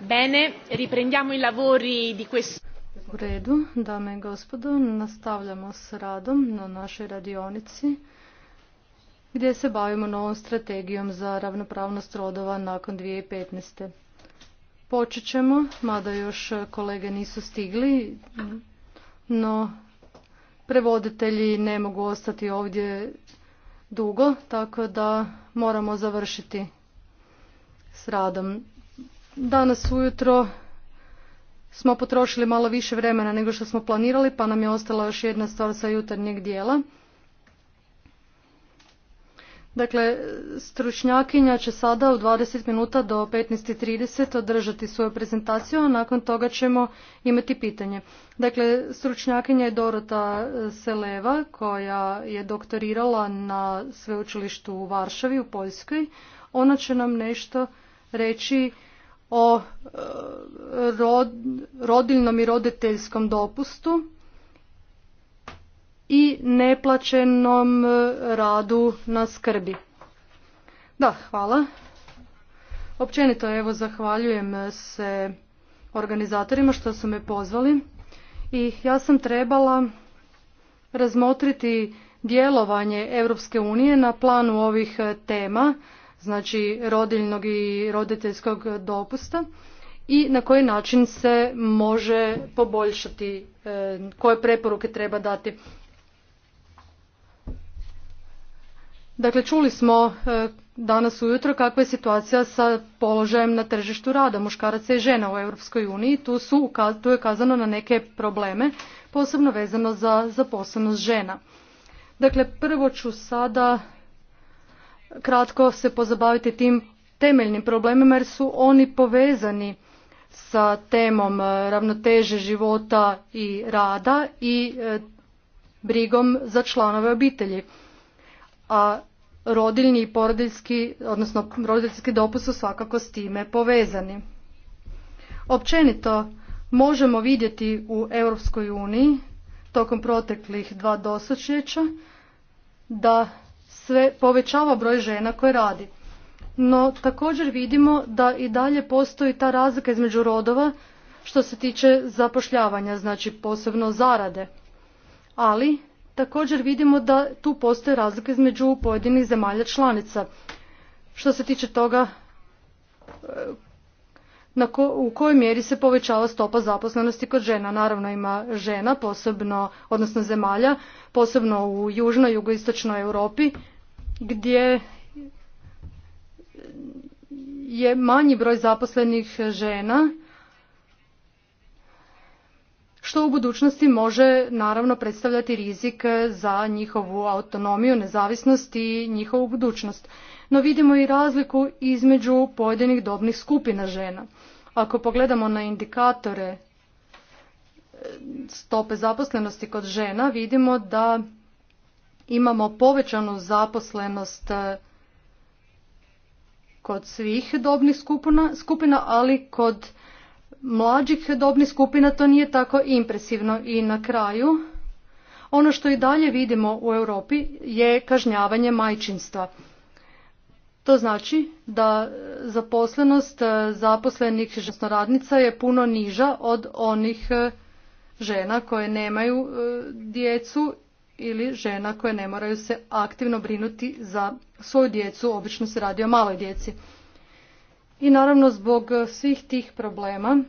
Bene, riprendiamo i lavori di questo. U redu, dame i gospodo, nastavljamo s radom na našoj radionici gdje se bavimo novom strategijom za ravnopravnost rodova nakon 2015. Počet ćemo, mada još kolege nisu stigli, no prevoditelji ne mogu ostati ovdje dugo, tako da moramo završiti s radom. Danas ujutro smo potrošili malo više vremena nego što smo planirali, pa nam je ostala još jedna stvar sa jutarnjeg dijela. Dakle, stručnjakinja će sada u 20 minuta do 15.30 održati svoju prezentaciju, a nakon toga ćemo imati pitanje. Dakle, stručnjakinja je Dorota e, Seleva, koja je doktorirala na sveučilištu u Varšavi u Poljskoj. Ona će nam nešto reći o e, rodiljnom i roditeljskom dopustu i neplaćenom e, radu na skrbi. Da, hvala. Općenito evo zahvaljujem se organizatorima što su me pozvali i ja sam trebala razmotriti djelovanje Europske unije na planu ovih e, tema, znači rodiljnog i roditeljskog dopusta i na koji način se može poboljšati, e, koje preporuke treba dati. Dakle, čuli smo e, danas ujutro kakva je situacija sa položajem na tržištu rada muškaraca i žena u Europskoj uniji. Tu, su, tu je kazano na neke probleme, posebno vezano za zaposlenost žena. Dakle, prvo ću sada kratko se pozabaviti tim temeljnim problemima jer su oni povezani sa temom e, ravnoteže života i rada i e, brigom za članove obitelji a rodiljni i porodiljski, odnosno roditeljski dopust su svakako s time povezani. Općenito možemo vidjeti u Europskoj uniji tokom proteklih dva dosučljeća da sve povećava broj žena koje radi. No također vidimo da i dalje postoji ta razlika između rodova što se tiče zapošljavanja, znači posebno zarade. Ali Također vidimo da tu postoje razlike između pojedinih zemalja članica. Što se tiče toga e, na u kojoj mjeri se povećava stopa zaposlenosti kod žena. Naravno ima žena, posebno, odnosno zemalja, posebno u južnoj, jugoistočnoj Europi, gdje je manji broj zaposlenih žena što u budućnosti može naravno predstavljati rizik za njihovu autonomiju, nezavisnost i njihovu budućnost. No vidimo i razliku između pojedinih dobnih skupina žena. Ako pogledamo na indikatore e, stope zaposlenosti kod žena, vidimo da imamo povećanu zaposlenost e, kod svih dobnih skupina, skupina ali kod mlađih dobnih skupina to nije tako impresivno. I na kraju, ono što i dalje vidimo u Europi je kažnjavanje majčinstva. To znači da zaposlenost e, zaposlenih žensnoradnica je puno niža od onih e, žena koje nemaju e, djecu ili žena koje ne moraju se aktivno brinuti za svoju djecu, obično se radi o maloj djeci. I naravno zbog eh, svih tih problema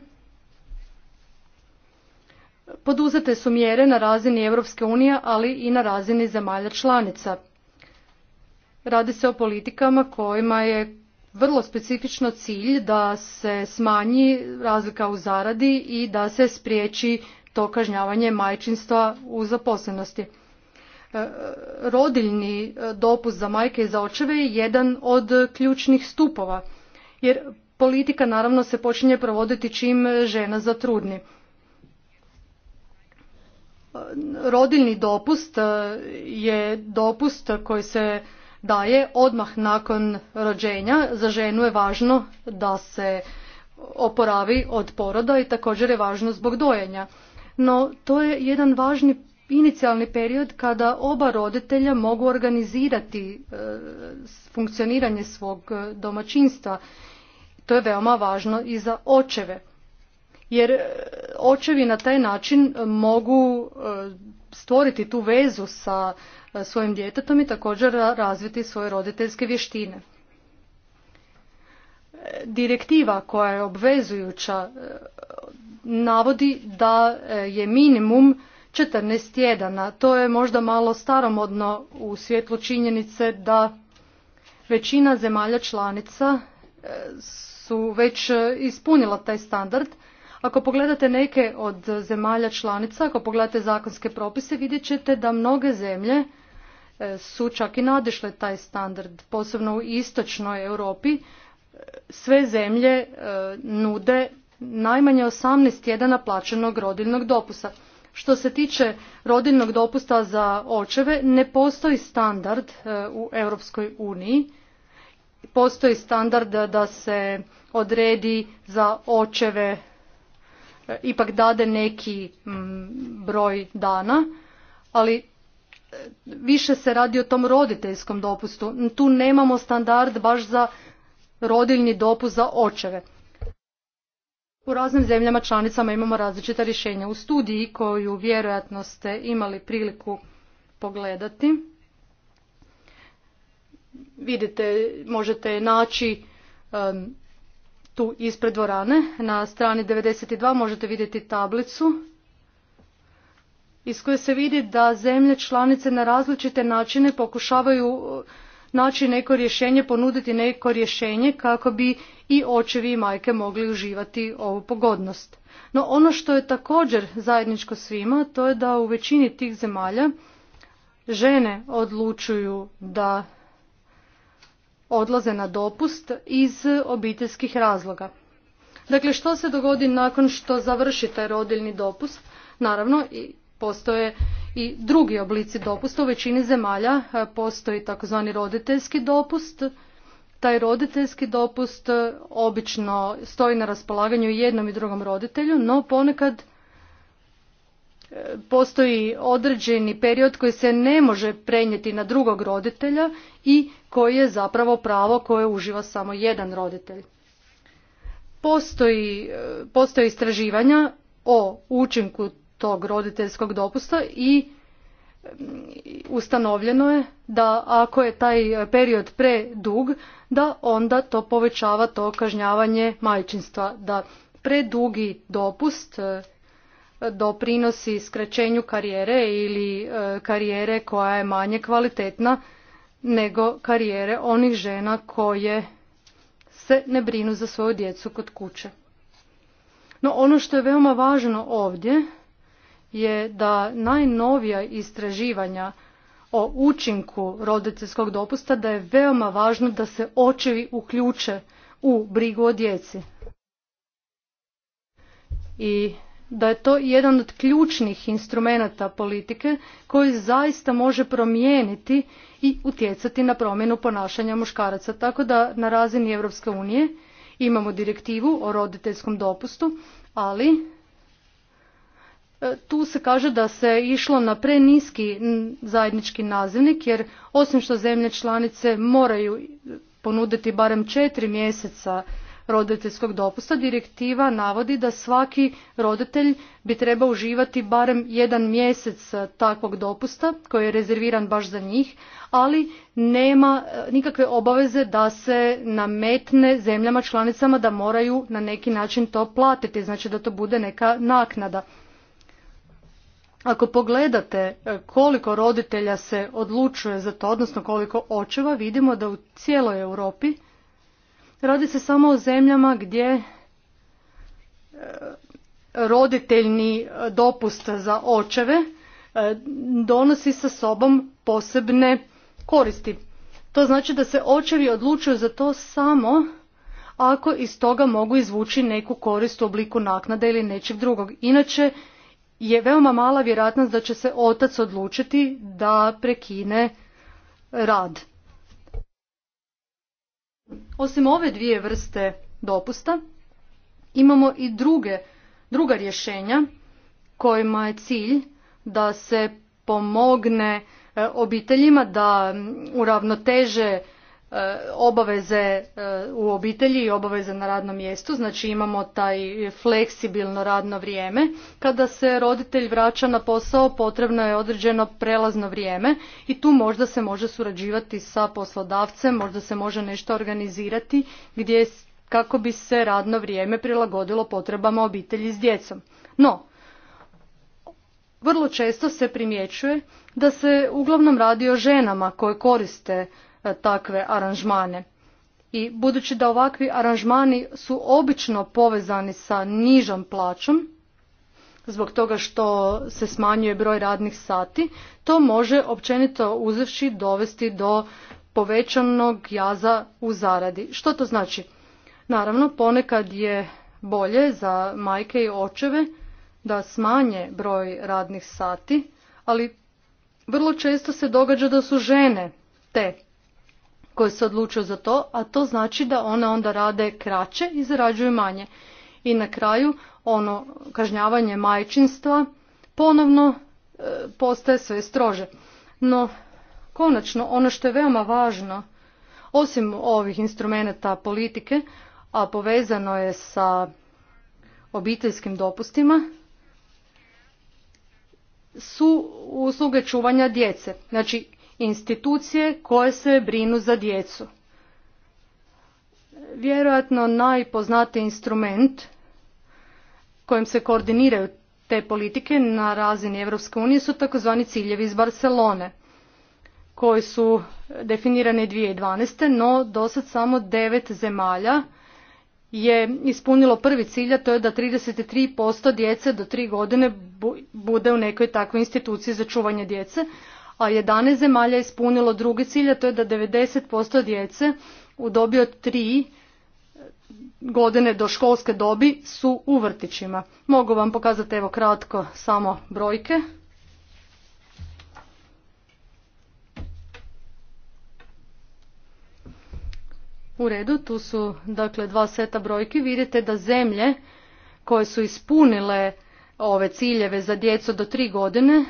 poduzete su mjere na razini Europske unije, ali i na razini zemalja članica. Radi se o politikama kojima je vrlo specifično cilj da se smanji razlika u zaradi i da se spriječi to kažnjavanje majčinstva u zaposlenosti. Eh, rodiljni eh, dopust za majke i za očeve je jedan od ključnih stupova jer politika naravno se počinje provoditi čim žena zatrudni rodiljni dopust e, je dopust koji se daje odmah nakon rođenja. Za ženu je važno da se oporavi od poroda i također je važno zbog dojenja. No to je jedan važni inicijalni period kada oba roditelja mogu organizirati e, funkcioniranje svog e, domaćinstva to je veoma važno i za očeve. Jer e, očevi na taj način e, mogu e, stvoriti tu vezu sa svojim djetetom i također razviti svoje roditeljske vještine. Direktiva koja je obvezujuća navodi da je minimum 14 tjedana. To je možda malo staromodno u svjetlu činjenice da većina zemalja članica su već e, ispunila taj standard. Ako pogledate neke od zemalja članica, ako pogledate zakonske propise, vidjet ćete da mnoge zemlje e, su čak i nadišle taj standard, posebno u istočnoj Europi. E, sve zemlje nude najmanje 18 tjedana plaćenog rodiljnog dopusta. Što se tiče rodiljnog dopusta za očeve, ne postoji standard u Europskoj uniji postoji standard da se odredi za očeve e, ipak dade neki broj dana, ali e, više se radi o tom roditeljskom dopustu. Tu nemamo standard baš za rodiljni dopust za očeve. U raznim zemljama članicama imamo različita rješenja. U studiji koju vjerojatno ste imali priliku pogledati, vidite, možete naći tu ispred dvorane. Na strani 92 možete vidjeti tablicu iz koje se vidi da zemlje članice na različite načine pokušavaju eh, naći neko rješenje, ponuditi neko rješenje kako bi i očevi i majke mogli uživati ovu pogodnost. No ono što je također zajedničko svima, to je da u većini tih zemalja žene odlučuju da odlaze na dopust iz obiteljskih razloga. Dakle, što se dogodi nakon što završi taj rodiljni dopust? Naravno, postoje i drugi oblici dopusta. U većini zemalja e, postoji takozvani roditeljski dopust. Taj roditeljski dopust e, obično stoji na raspolaganju jednom i drugom roditelju, no ponekad e, postoji određeni period koji se ne može prenijeti na drugog roditelja i koji je zapravo pravo koje uživa samo jedan roditelj. E, postoje istraživanja o učinku tog roditeljskog dopusta i mm, ustanovljeno je da ako je taj period predug da onda to povećava to kažnjavanje majčinstva da predugi dopust e, doprinosi skraćenju karijere ili e, karijere koja je manje kvalitetna nego karijere onih žena koje se ne brinu za svoju djecu kod kuće. No ono što je veoma važno ovdje je da najnovija istraživanja o učinku roditeljskog dopusta da je veoma važno da se očevi uključe u brigu o djeci. I da je to jedan od ključnih instrumenata politike koji zaista može promijeniti i utjecati na promjenu ponašanja muškaraca. Tako da na razini Europske unije imamo direktivu o roditeljskom dopustu, ali e, tu se kaže da se išlo na preniski zajednički nazivnik jer osim što zemlje članice moraju ponuditi barem četiri mjeseca roditeljskog dopusta direktiva navodi da svaki roditelj bi trebao uživati barem jedan mjesec e, takvog dopusta koji je rezerviran baš za njih, ali nema e, nikakve obaveze da se nametne zemljama članicama da moraju na neki način to platiti, znači da to bude neka naknada. Ako pogledate e, koliko roditelja se odlučuje za to, odnosno koliko očeva, vidimo da u cijeloj Europi Radi se samo o zemljama gdje e, roditeljni e, dopust za očeve e, donosi sa sobom posebne koristi. To znači da se očevi odlučuju za to samo ako iz toga mogu izvući neku korist u obliku naknade ili nečeg drugog. Inače je veoma mala vjerojatnost da će se otac odlučiti da prekine rad osim ove dvije vrste dopusta, imamo i druge, druga rješenja kojima je cilj da se pomogne e, obiteljima da uravnoteže E, obaveze e, u obitelji i obaveze na radnom mjestu, znači imamo taj fleksibilno radno vrijeme. Kada se roditelj vraća na posao potrebno je određeno prelazno vrijeme i tu možda se može surađivati sa poslodavcem, možda se može nešto organizirati gdje kako bi se radno vrijeme prilagodilo potrebama obitelji s djecom. No, vrlo često se primjećuje da se uglavnom radi o ženama koje koriste E, takve aranžmane. I budući da ovakvi aranžmani su obično povezani sa nižom plaćom, zbog toga što se smanjuje broj radnih sati, to može općenito uzevši dovesti do povećanog jaza u zaradi. Što to znači? Naravno, ponekad je bolje za majke i očeve da smanje broj radnih sati, ali vrlo često se događa da su žene te koje se odlučuju za to, a to znači da one onda rade kraće i zarađuju manje. I na kraju ono kažnjavanje majčinstva ponovno e, postaje sve strože. No, konačno, ono što je veoma važno, osim ovih instrumenata politike, a povezano je sa obiteljskim dopustima, su usluge čuvanja djece. Znači, institucije koje se brinu za djecu. Vjerojatno najpoznatiji instrument kojim se koordiniraju te politike na razini Europske unije su takozvani ciljevi iz Barcelone koji su definirane 2012. no dosad samo devet zemalja je ispunilo prvi cilj, a to je da 33% djece do tri godine bude u nekoj takvoj instituciji za čuvanje djece, a 11 zemalja ispunilo drugi cilj, a to je da 90% djece u dobi od 3 godine do školske dobi su u vrtićima. Mogu vam pokazati evo kratko samo brojke. U redu, tu su dakle dva seta brojki. Vidite da zemlje koje su ispunile ove ciljeve za djecu do tri godine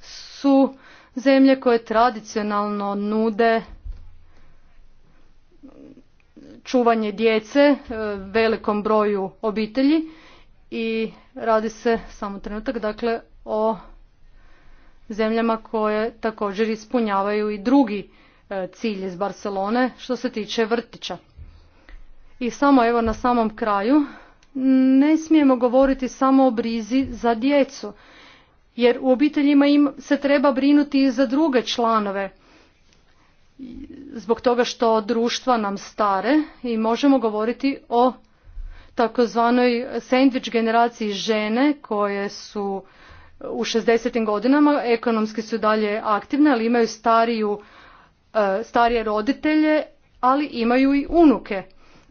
su zemlje koje tradicionalno nude čuvanje djece e, velikom broju obitelji i radi se samo trenutak dakle o zemljama koje također ispunjavaju i drugi e, cilj iz Barcelone što se tiče vrtića. I samo evo na samom kraju ne smijemo govoriti samo o brizi za djecu jer u obiteljima im se treba brinuti i za druge članove zbog toga što društva nam stare i možemo govoriti o takozvanoj sandwich generaciji žene koje su u 60. godinama, ekonomski su dalje aktivne, ali imaju stariju, e, starije roditelje, ali imaju i unuke.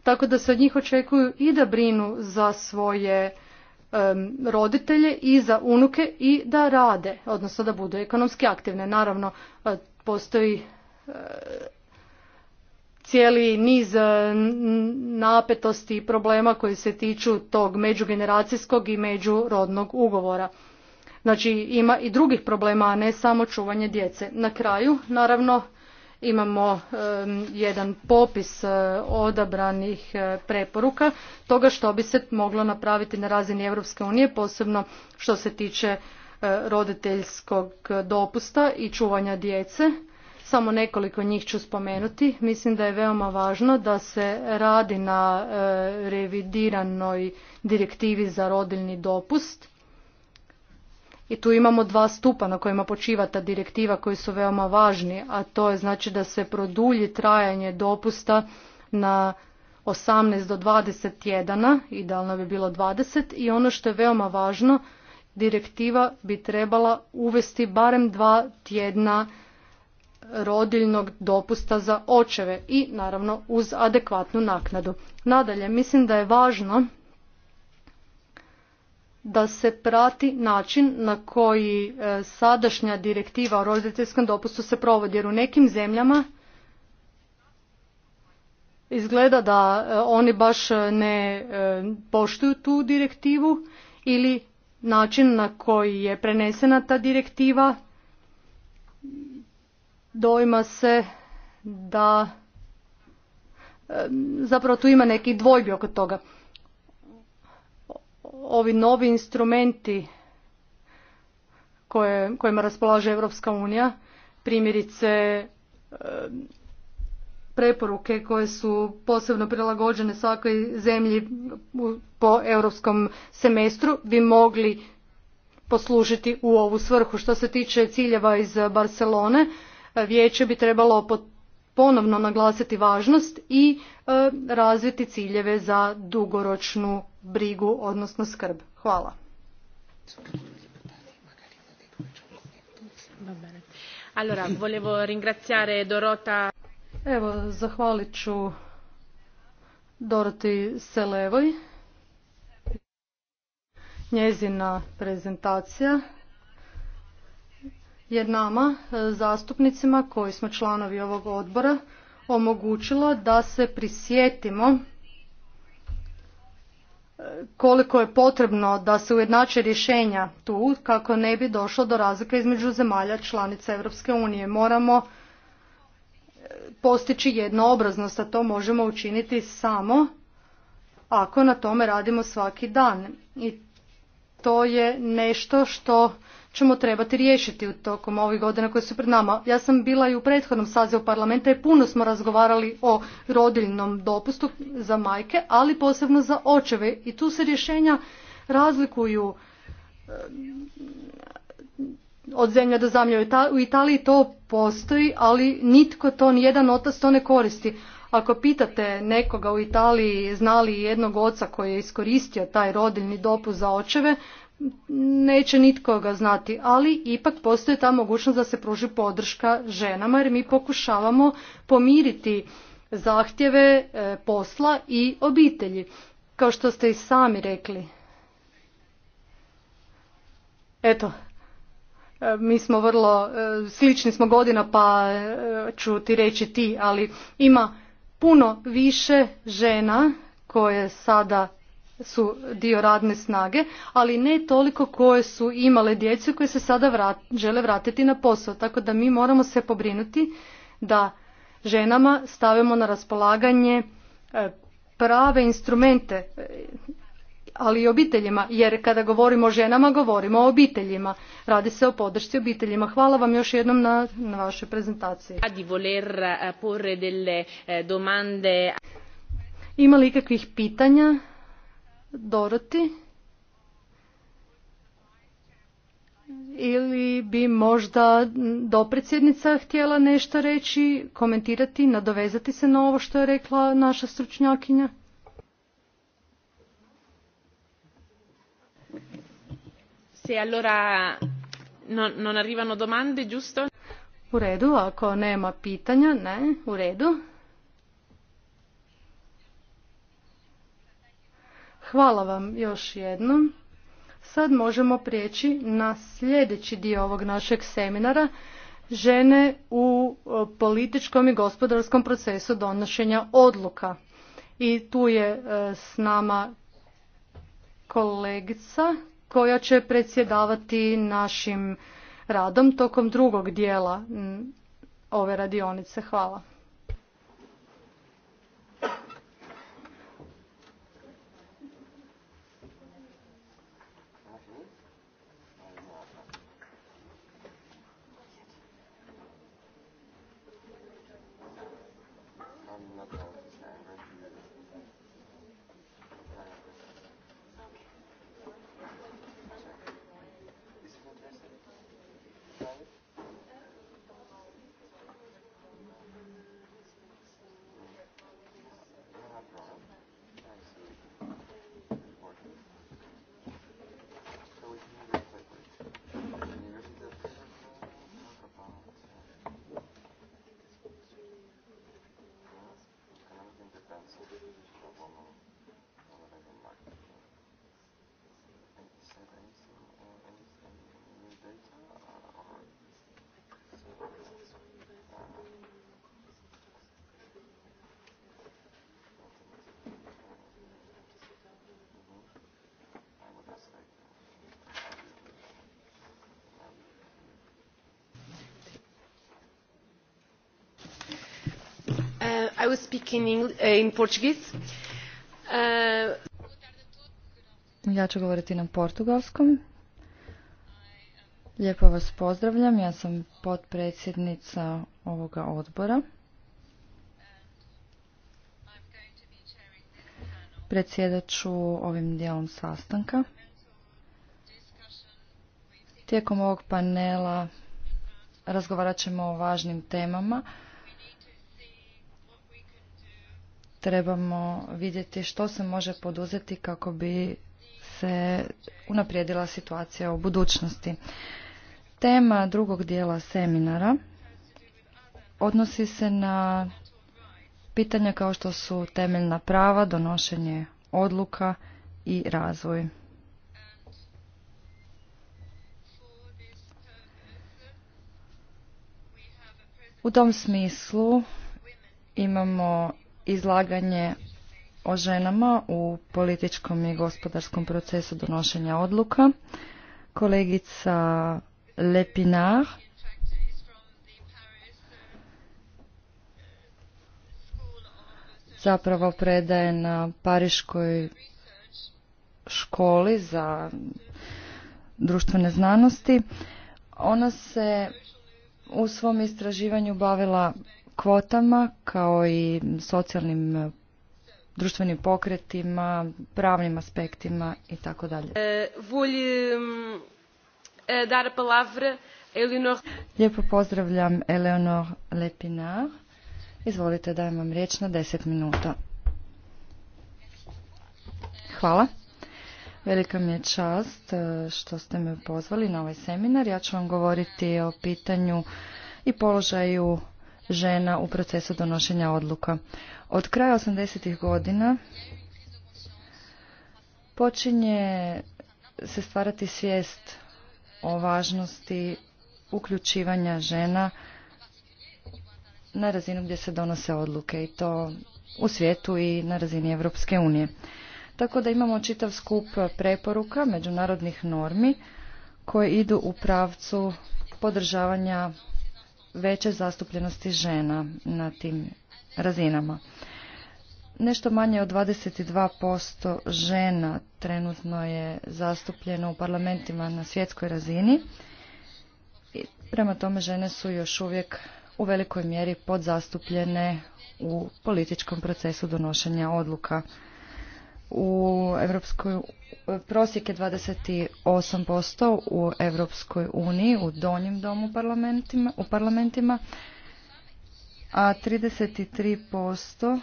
Tako da se od njih očekuju i da brinu za svoje roditelje i za unuke i da rade, odnosno da budu ekonomski aktivne. Naravno, e, postoji e, cijeli niz e, napetosti i problema koji se tiču tog međugeneracijskog i međurodnog ugovora. Znači ima i drugih problema, a ne samo čuvanje djece. Na kraju, naravno, imamo jedan popis e, odabranih e, preporuka toga što bi se moglo napraviti na razini Europske unije, posebno što se tiče e, roditeljskog dopusta i čuvanja djece. Samo nekoliko njih ću spomenuti. Mislim da je veoma važno da se radi na revidiranoj direktivi za rodiljni dopust i tu imamo dva stupa na kojima počiva ta direktiva koji su veoma važni, a to je znači da se produlji trajanje dopusta na 18 do 20 tjedana, idealno bi bilo 20 i ono što je veoma važno, direktiva bi trebala uvesti barem dva tjedna rodiljnog dopusta za očeve i naravno uz adekvatnu naknadu. Nadalje, mislim da je važno da se prati način na koji e, sadašnja direktiva o roditeljskom dopustu se provodi jer u nekim zemljama izgleda da e, oni baš ne e, poštuju tu direktivu ili način na koji je prenesena ta direktiva dojma se da zapravo tu ima neki dvojbi oko toga ovi novi instrumenti koje, kojima raspolaže Europska unija, primjerice eh, preporuke koje su posebno prilagođene svakoj zemlji po europskom semestru bi mogli poslužiti u ovu svrhu. Što se tiče ciljeva iz Barcelone, eh, vijeće bi trebalo ponovno naglasiti važnost i e, razviti ciljeve za dugoročnu brigu, odnosno skrb. Hvala. Allora, volevo ringraziare Dorota. Evo, zahvalit ću Doroti Selevoj. Njezina prezentacija je nama, e, zastupnicima koji smo članovi ovog odbora, omogućilo da se prisjetimo e, koliko je potrebno da se ujednače rješenja tu kako ne bi došlo do razlika između zemalja članica Europske unije. Moramo e, postići jednoobraznost, a to možemo učiniti samo ako na tome radimo svaki dan. I to je nešto što ćemo trebati riješiti u tokom ovih godina koje su pred nama. Ja sam bila i u prethodnom sazivu parlamenta i puno smo razgovarali o rodiljnom dopustu za majke, ali posebno za očeve i tu se rješenja razlikuju eh, od zemlje do zemlje. U Italiji to postoji, ali nitko to, jedan otac to ne koristi. Ako pitate nekoga u Italiji znali jednog oca koji je iskoristio taj rodiljni dopust za očeve, neće nitko ga znati, ali ipak postoji ta mogućnost da se pruži podrška ženama jer mi pokušavamo pomiriti zahtjeve e, posla i obitelji, kao što ste i sami rekli. Eto, e, mi smo vrlo, e, slični smo godina pa ću ti reći ti, ali ima puno više žena koje sada su dio radne snage, ali ne toliko koje su imale djecu koje se sada žele vratiti na posao. Tako da mi moramo se pobrinuti da ženama stavimo na raspolaganje e, prave instrumente, e, ali i obiteljima, jer kada govorimo o ženama, govorimo o obiteljima. Radi se o podršci obiteljima. Hvala vam još jednom na, na vašoj prezentaciji. Eh, eh, Ima li ikakvih pitanja Doroti? Ili bi možda dopredsjednica htjela nešto reći, komentirati, nadovezati se na ovo što je rekla naša stručnjakinja? Se allora arrivano domande, giusto? U redu, ako nema pitanja, ne, u redu. Hvala vam još jednom. Sad možemo prijeći na sljedeći dio ovog našeg seminara žene u e, političkom i gospodarskom procesu donošenja odluka. I tu je e, s nama kolegica koja će predsjedavati našim radom tokom drugog dijela ove radionice. Hvala. I will eh, uh, Ja ću govoriti na portugalskom. Lijepo vas pozdravljam, ja sam potpredsjednica ovoga odbora. Predsjedat ću ovim dijelom sastanka. Tijekom ovog panela razgovarat ćemo o važnim temama trebamo vidjeti što se može poduzeti kako bi se unaprijedila situacija u budućnosti. Tema drugog dijela seminara odnosi se na pitanja kao što su temeljna prava, donošenje odluka i razvoj. U tom smislu imamo izlaganje o ženama u političkom i gospodarskom procesu donošenja odluka. Kolegica Lepinar zapravo predaje na Pariškoj školi za društvene znanosti. Ona se u svom istraživanju bavila kvotama kao i socijalnim e, društvenim pokretima, pravnim aspektima i tako dalje. E, e, Lijepo pozdravljam Eleonor Lepinar. Izvolite dajem vam riječ na 10 minuta. Hvala. Velika mi je čast što ste me pozvali na ovaj seminar. Ja ću vam govoriti o pitanju i položaju žena u procesu donošenja odluka. Od kraja 80. godina počinje se stvarati svijest o važnosti uključivanja žena na razinu gdje se donose odluke i to u svijetu i na razini Europske unije. Tako da imamo čitav skup preporuka međunarodnih normi koje idu u pravcu podržavanja veće zastupljenosti žena na tim razinama. Nešto manje od 22% žena trenutno je zastupljeno u parlamentima na svjetskoj razini i prema tome žene su još uvijek u velikoj mjeri podzastupljene u političkom procesu donošenja odluka u Europskoj prosjek je 28% u Europskoj uniji u donjem domu parlamentima, u parlamentima a 33%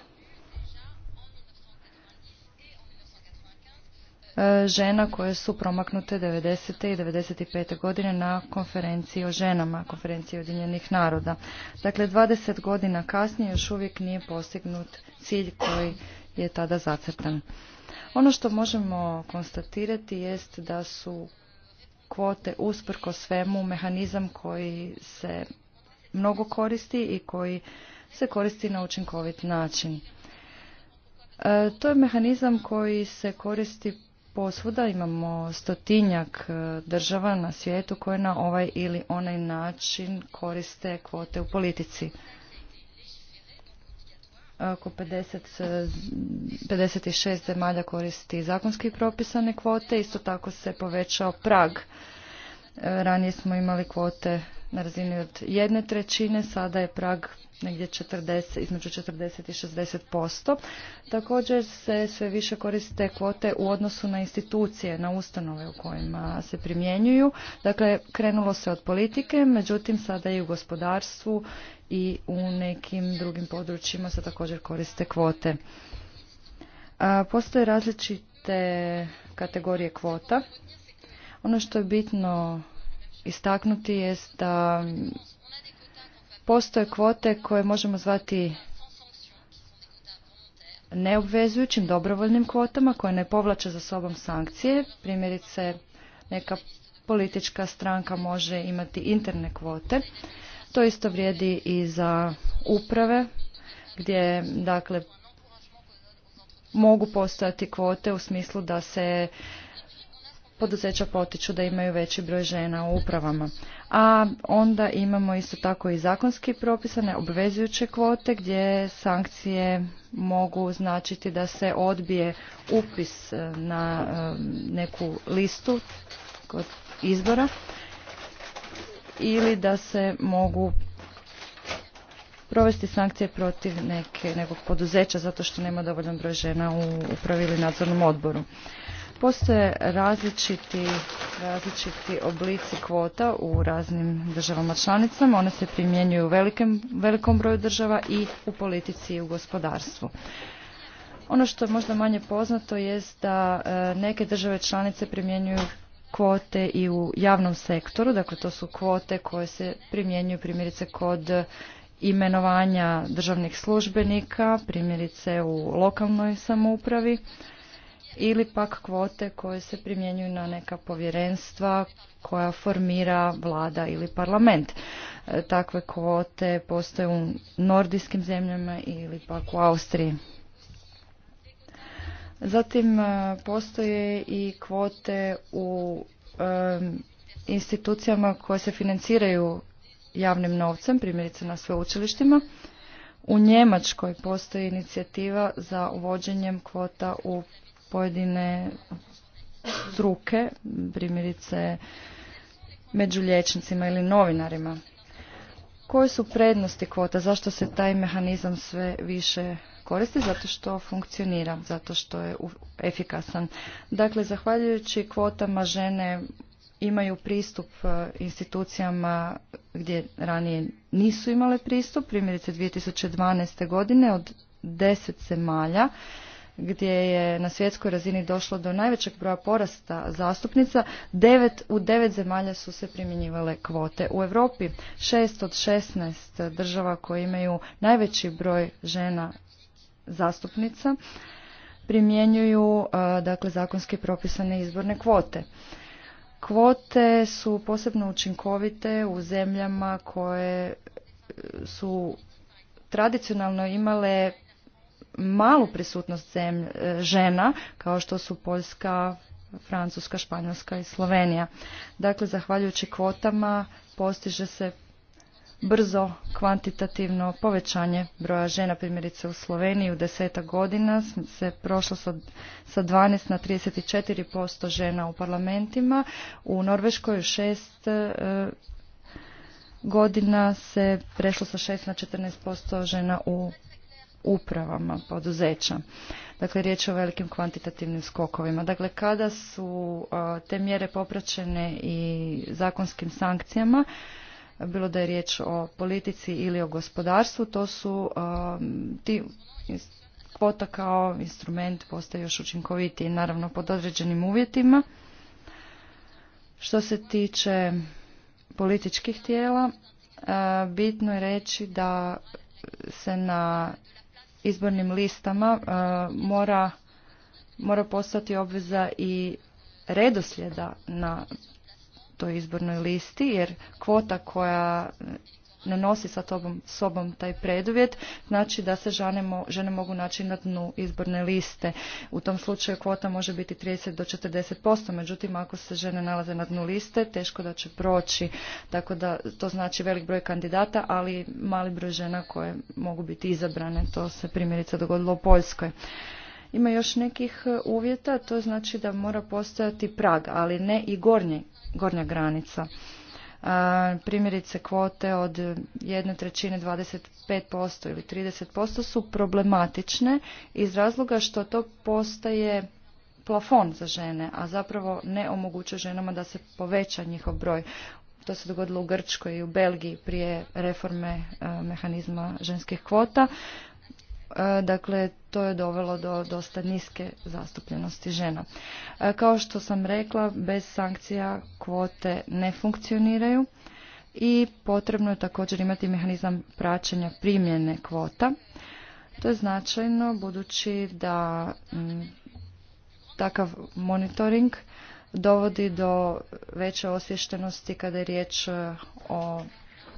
e, žena koje su promaknute 90. i 95. godine na konferenciji o ženama, konferenciji Ujedinjenih naroda. Dakle, 20 godina kasnije još uvijek nije postignut cilj koji je tada zacrtan. Ono što možemo konstatirati jest da su kvote usprko svemu mehanizam koji se mnogo koristi i koji se koristi na učinkovit način. E, to je mehanizam koji se koristi posvuda. Imamo stotinjak e, država na svijetu koje na ovaj ili onaj način koriste kvote u politici. Oko 50, 56 zemalja koristi zakonski propisane kvote. Isto tako se povećao prag. Eh, ranije smo imali kvote na razini od jedne trećine, sada je prag negdje 40, između 40 i 60%. Također se sve više koriste kvote u odnosu na institucije, na ustanove u kojima se primjenjuju. Dakle, krenulo se od politike, međutim sada i u gospodarstvu i u nekim drugim područjima se također koriste kvote. Postoje različite kategorije kvota. Ono što je bitno istaknuti je da postoje kvote koje možemo zvati neobvezujućim dobrovoljnim kvotama koje ne povlače za sobom sankcije. Primjerice, neka politička stranka može imati interne kvote. To isto vrijedi i za uprave gdje dakle mogu postojati kvote u smislu da se poduzeća potiču da imaju veći broj žena u upravama. A onda imamo isto tako i zakonski propisane obvezujuće kvote gdje sankcije mogu značiti da se odbije upis e, na e, neku listu kod izbora ili da se mogu provesti sankcije protiv nekog poduzeća zato što nema dovoljno broj žena u upravi ili nadzornom odboru. Postoje različiti, različiti oblici kvota u raznim državama članicama. One se primjenjuju u velikom, velikom broju država i u politici i u gospodarstvu. Ono što je možda manje poznato je da e, neke države članice primjenjuju kvote i u javnom sektoru, dakle to su kvote koje se primjenjuju primjerice kod imenovanja državnih službenika, primjerice u lokalnoj samoupravi ili pak kvote koje se primjenjuju na neka povjerenstva koja formira vlada ili parlament. E, takve kvote postoje u nordijskim zemljama ili pak u Austriji. Zatim e, postoje i kvote u e, institucijama koje se financiraju javnim novcem, primjerice na sveučilištima. U Njemačkoj postoji inicijativa za uvođenjem kvota u pojedine struke, primjerice među liječnicima ili novinarima. Koje su prednosti kvota? Zašto se taj mehanizam sve više koristi? Zato što funkcionira, zato što je efikasan. Dakle, zahvaljujući kvotama žene imaju pristup e, institucijama gdje ranije nisu imale pristup. Primjerice 2012. godine od 10 zemalja gdje je na svjetskoj razini došlo do najvećeg broja porasta zastupnica, devet, u devet zemalja su se primjenjivale kvote. U Europi šest od šesnaest država koje imaju najveći broj žena zastupnica primjenjuju e, dakle zakonski propisane izborne kvote. Kvote su posebno učinkovite u zemljama koje su tradicionalno imale malu prisutnost e, žena kao što su Poljska, Francuska, Španjolska i Slovenija. Dakle, zahvaljujući kvotama postiže se brzo kvantitativno povećanje broja žena, primjerice u Sloveniji u desetak godina se prošlo sa, sa 12 na 34% žena u parlamentima, u Norveškoj u šest e, godina se prešlo sa 6 na 14% žena u upravama poduzeća. Dakle, riječ je o velikim kvantitativnim skokovima. Dakle, kada su te mjere popraćene i zakonskim sankcijama, bilo da je riječ o politici ili o gospodarstvu, to su ti kvota kao instrument postaje još učinkovitiji, naravno pod određenim uvjetima. Što se tiče političkih tijela, bitno je reći da se na izbornim listama e, mora, mora postati obveza i redosljeda na toj izbornoj listi jer kvota koja ne nosi sa tobom, sobom taj preduvjet, znači da se žene, mogu naći na dnu izborne liste. U tom slučaju kvota može biti 30 do 40%, međutim ako se žene nalaze na dnu liste, teško da će proći. Tako da to znači velik broj kandidata, ali mali broj žena koje mogu biti izabrane. To se primjerice dogodilo u Poljskoj. Ima još nekih e, uvjeta, to znači da mora postojati prag, ali ne i gornji, gornja granica primjerice kvote od jedne trećine 25% ili 30% su problematične iz razloga što to postaje plafon za žene, a zapravo ne omogućuje ženama da se poveća njihov broj. To se dogodilo u Grčkoj i u Belgiji prije reforme mehanizma ženskih kvota. E, dakle to je dovelo do dosta niske zastupljenosti žena. E, kao što sam rekla, bez sankcija kvote ne funkcioniraju i potrebno je također imati mehanizam praćenja primjene kvota. To je značajno budući da takav monitoring dovodi do veće osvještenosti kada je riječ e, o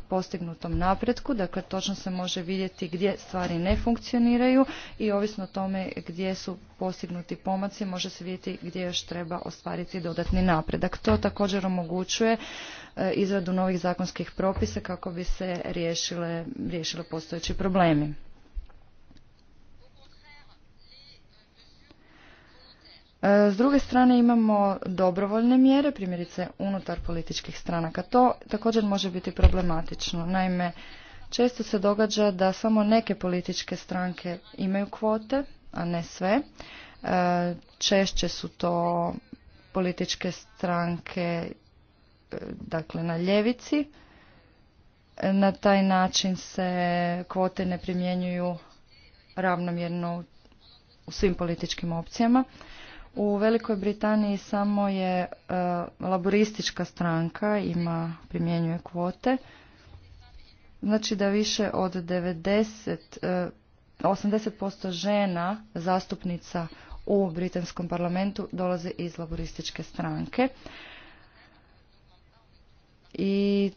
postignutom napretku, dakle točno se može vidjeti gdje stvari ne funkcioniraju i ovisno o tome gdje su postignuti pomaci može se vidjeti gdje još treba ostvariti dodatni napredak. To također omogućuje e, izradu novih zakonskih propisa kako bi se riješile, postojeći problemi. E, s druge strane imamo dobrovoljne mjere, primjerice unutar političkih stranaka. To također može biti problematično. Naime, često se događa da samo neke političke stranke imaju kvote, a ne sve. E, češće su to političke stranke e, dakle na ljevici. Na taj način se kvote ne primjenjuju ravnomjerno u svim političkim opcijama. U Velikoj Britaniji samo je e, laboristička stranka, ima, primjenjuje kvote. Znači da više od 90, 80% e, žena zastupnica u britanskom parlamentu dolaze iz laborističke stranke i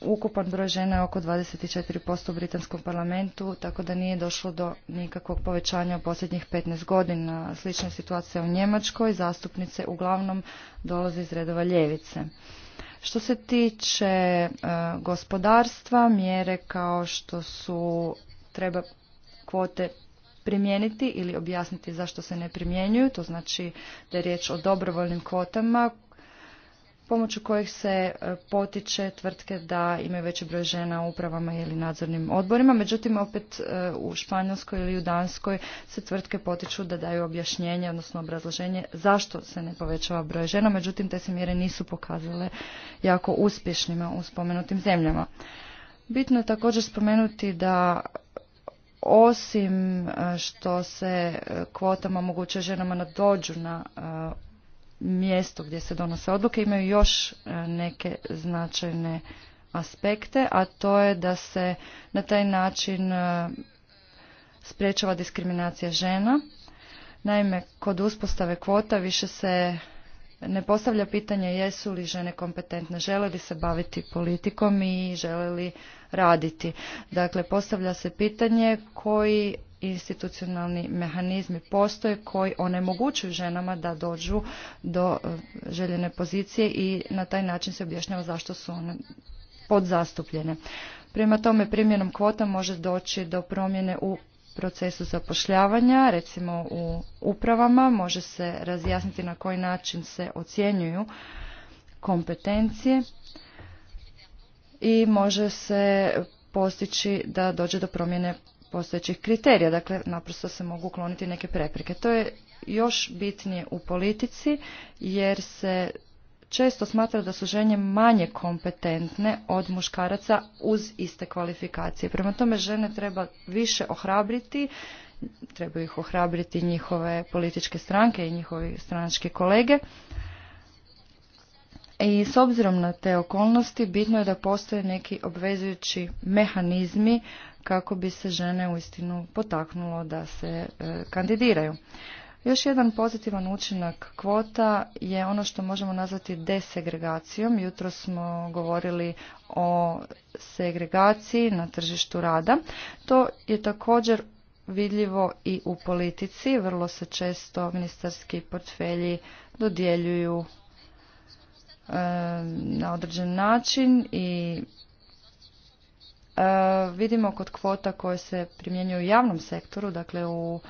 ukupan broj žena je oko 24% u britanskom parlamentu, tako da nije došlo do nikakvog povećanja u posljednjih 15 godina. Slična situacija u Njemačkoj, zastupnice uglavnom dolaze iz redova ljevice. Što se tiče e, gospodarstva, mjere kao što su treba kvote primijeniti ili objasniti zašto se ne primjenjuju, to znači da je riječ o dobrovoljnim kvotama pomoću kojih se e, potiče tvrtke da imaju veći broj žena u upravama ili nadzornim odborima. Međutim, opet e, u Španjolskoj ili u Danskoj se tvrtke potiču da daju objašnjenje, odnosno obrazloženje zašto se ne povećava broj žena. Međutim, te se mjere nisu pokazale jako uspješnima u spomenutim zemljama. Bitno je također spomenuti da osim e, što se kvotama omogućuje ženama da dođu na mjesto gdje se donose odluke imaju još e, neke značajne aspekte, a to je da se na taj način e, sprečava diskriminacija žena. Naime, kod uspostave kvota više se ne postavlja pitanje jesu li žene kompetentne, žele li se baviti politikom i žele li raditi. Dakle, postavlja se pitanje koji institucionalni mehanizmi postoje koji onemogućuju ženama da dođu do e, željene pozicije i na taj način se objašnjava zašto su one podzastupljene. Prema tome primjenom kvota može doći do promjene u procesu zapošljavanja, recimo u upravama, može se razjasniti na koji način se ocjenjuju kompetencije i može se postići da dođe do promjene postojećih kriterija, dakle naprosto se mogu ukloniti neke prepreke. To je još bitnije u politici jer se često smatra da su žene manje kompetentne od muškaraca uz iste kvalifikacije. Prema tome žene treba više ohrabriti, treba ih ohrabriti njihove političke stranke i njihovi stranački kolege. I s obzirom na te okolnosti bitno je da postoje neki obvezujući mehanizmi kako bi se žene uistinu potaknulo da se e, kandidiraju. Još jedan pozitivan učinak kvota je ono što možemo nazvati desegregacijom. Jutro smo govorili o segregaciji na tržištu rada. To je također vidljivo i u politici. Vrlo se često ministarski portfelji dodjeljuju e, na određen način i E, vidimo kod kvota koje se primjenjuju u javnom sektoru, dakle u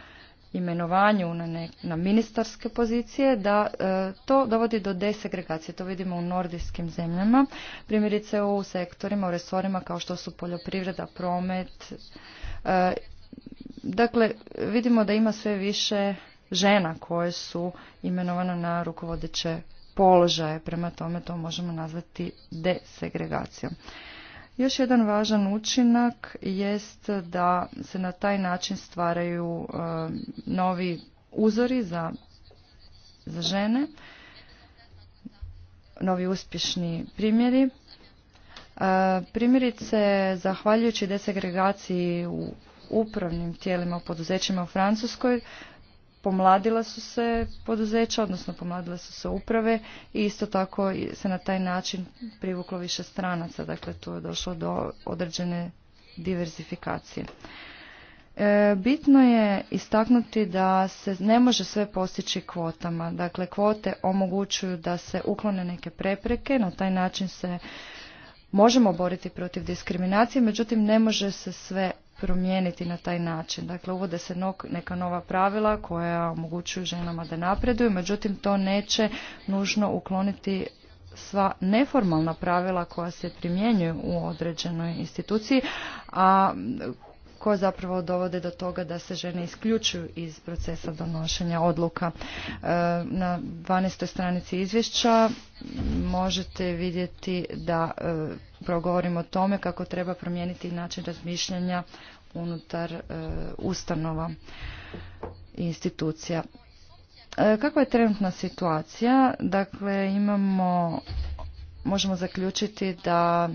imenovanju na, na ministarske pozicije, da e, to dovodi do desegregacije. To vidimo u nordijskim zemljama, primjerice u sektorima, u resorima kao što su poljoprivreda, promet. E, dakle, vidimo da ima sve više žena koje su imenovane na rukovodeće položaje, prema tome to možemo nazvati desegregacijom. Još jedan važan učinak jest da se na taj način stvaraju e, novi uzori za, za žene, novi uspješni primjeri. E, primjerice, zahvaljujući desegregaciji u upravnim tijelima u poduzećima u Francuskoj, pomladila su se poduzeća, odnosno pomladile su se uprave i isto tako se na taj način privuklo više stranaca, dakle tu je došlo do određene diversifikacije. E, bitno je istaknuti da se ne može sve postići kvotama. Dakle, kvote omogućuju da se uklone neke prepreke, na taj način se možemo boriti protiv diskriminacije, međutim ne može se sve promijeniti na taj način. Dakle, uvode se neka nova pravila koja omogućuju ženama da napreduju, međutim to neće nužno ukloniti sva neformalna pravila koja se primjenjuju u određenoj instituciji, a koje zapravo dovode do toga da se žene isključuju iz procesa donošenja odluka. E, na 12. stranici izvješća možete vidjeti da e, progovorimo o tome kako treba promijeniti način razmišljanja unutar e, ustanova i institucija. Kakva je trenutna situacija? Dakle, imamo, možemo zaključiti da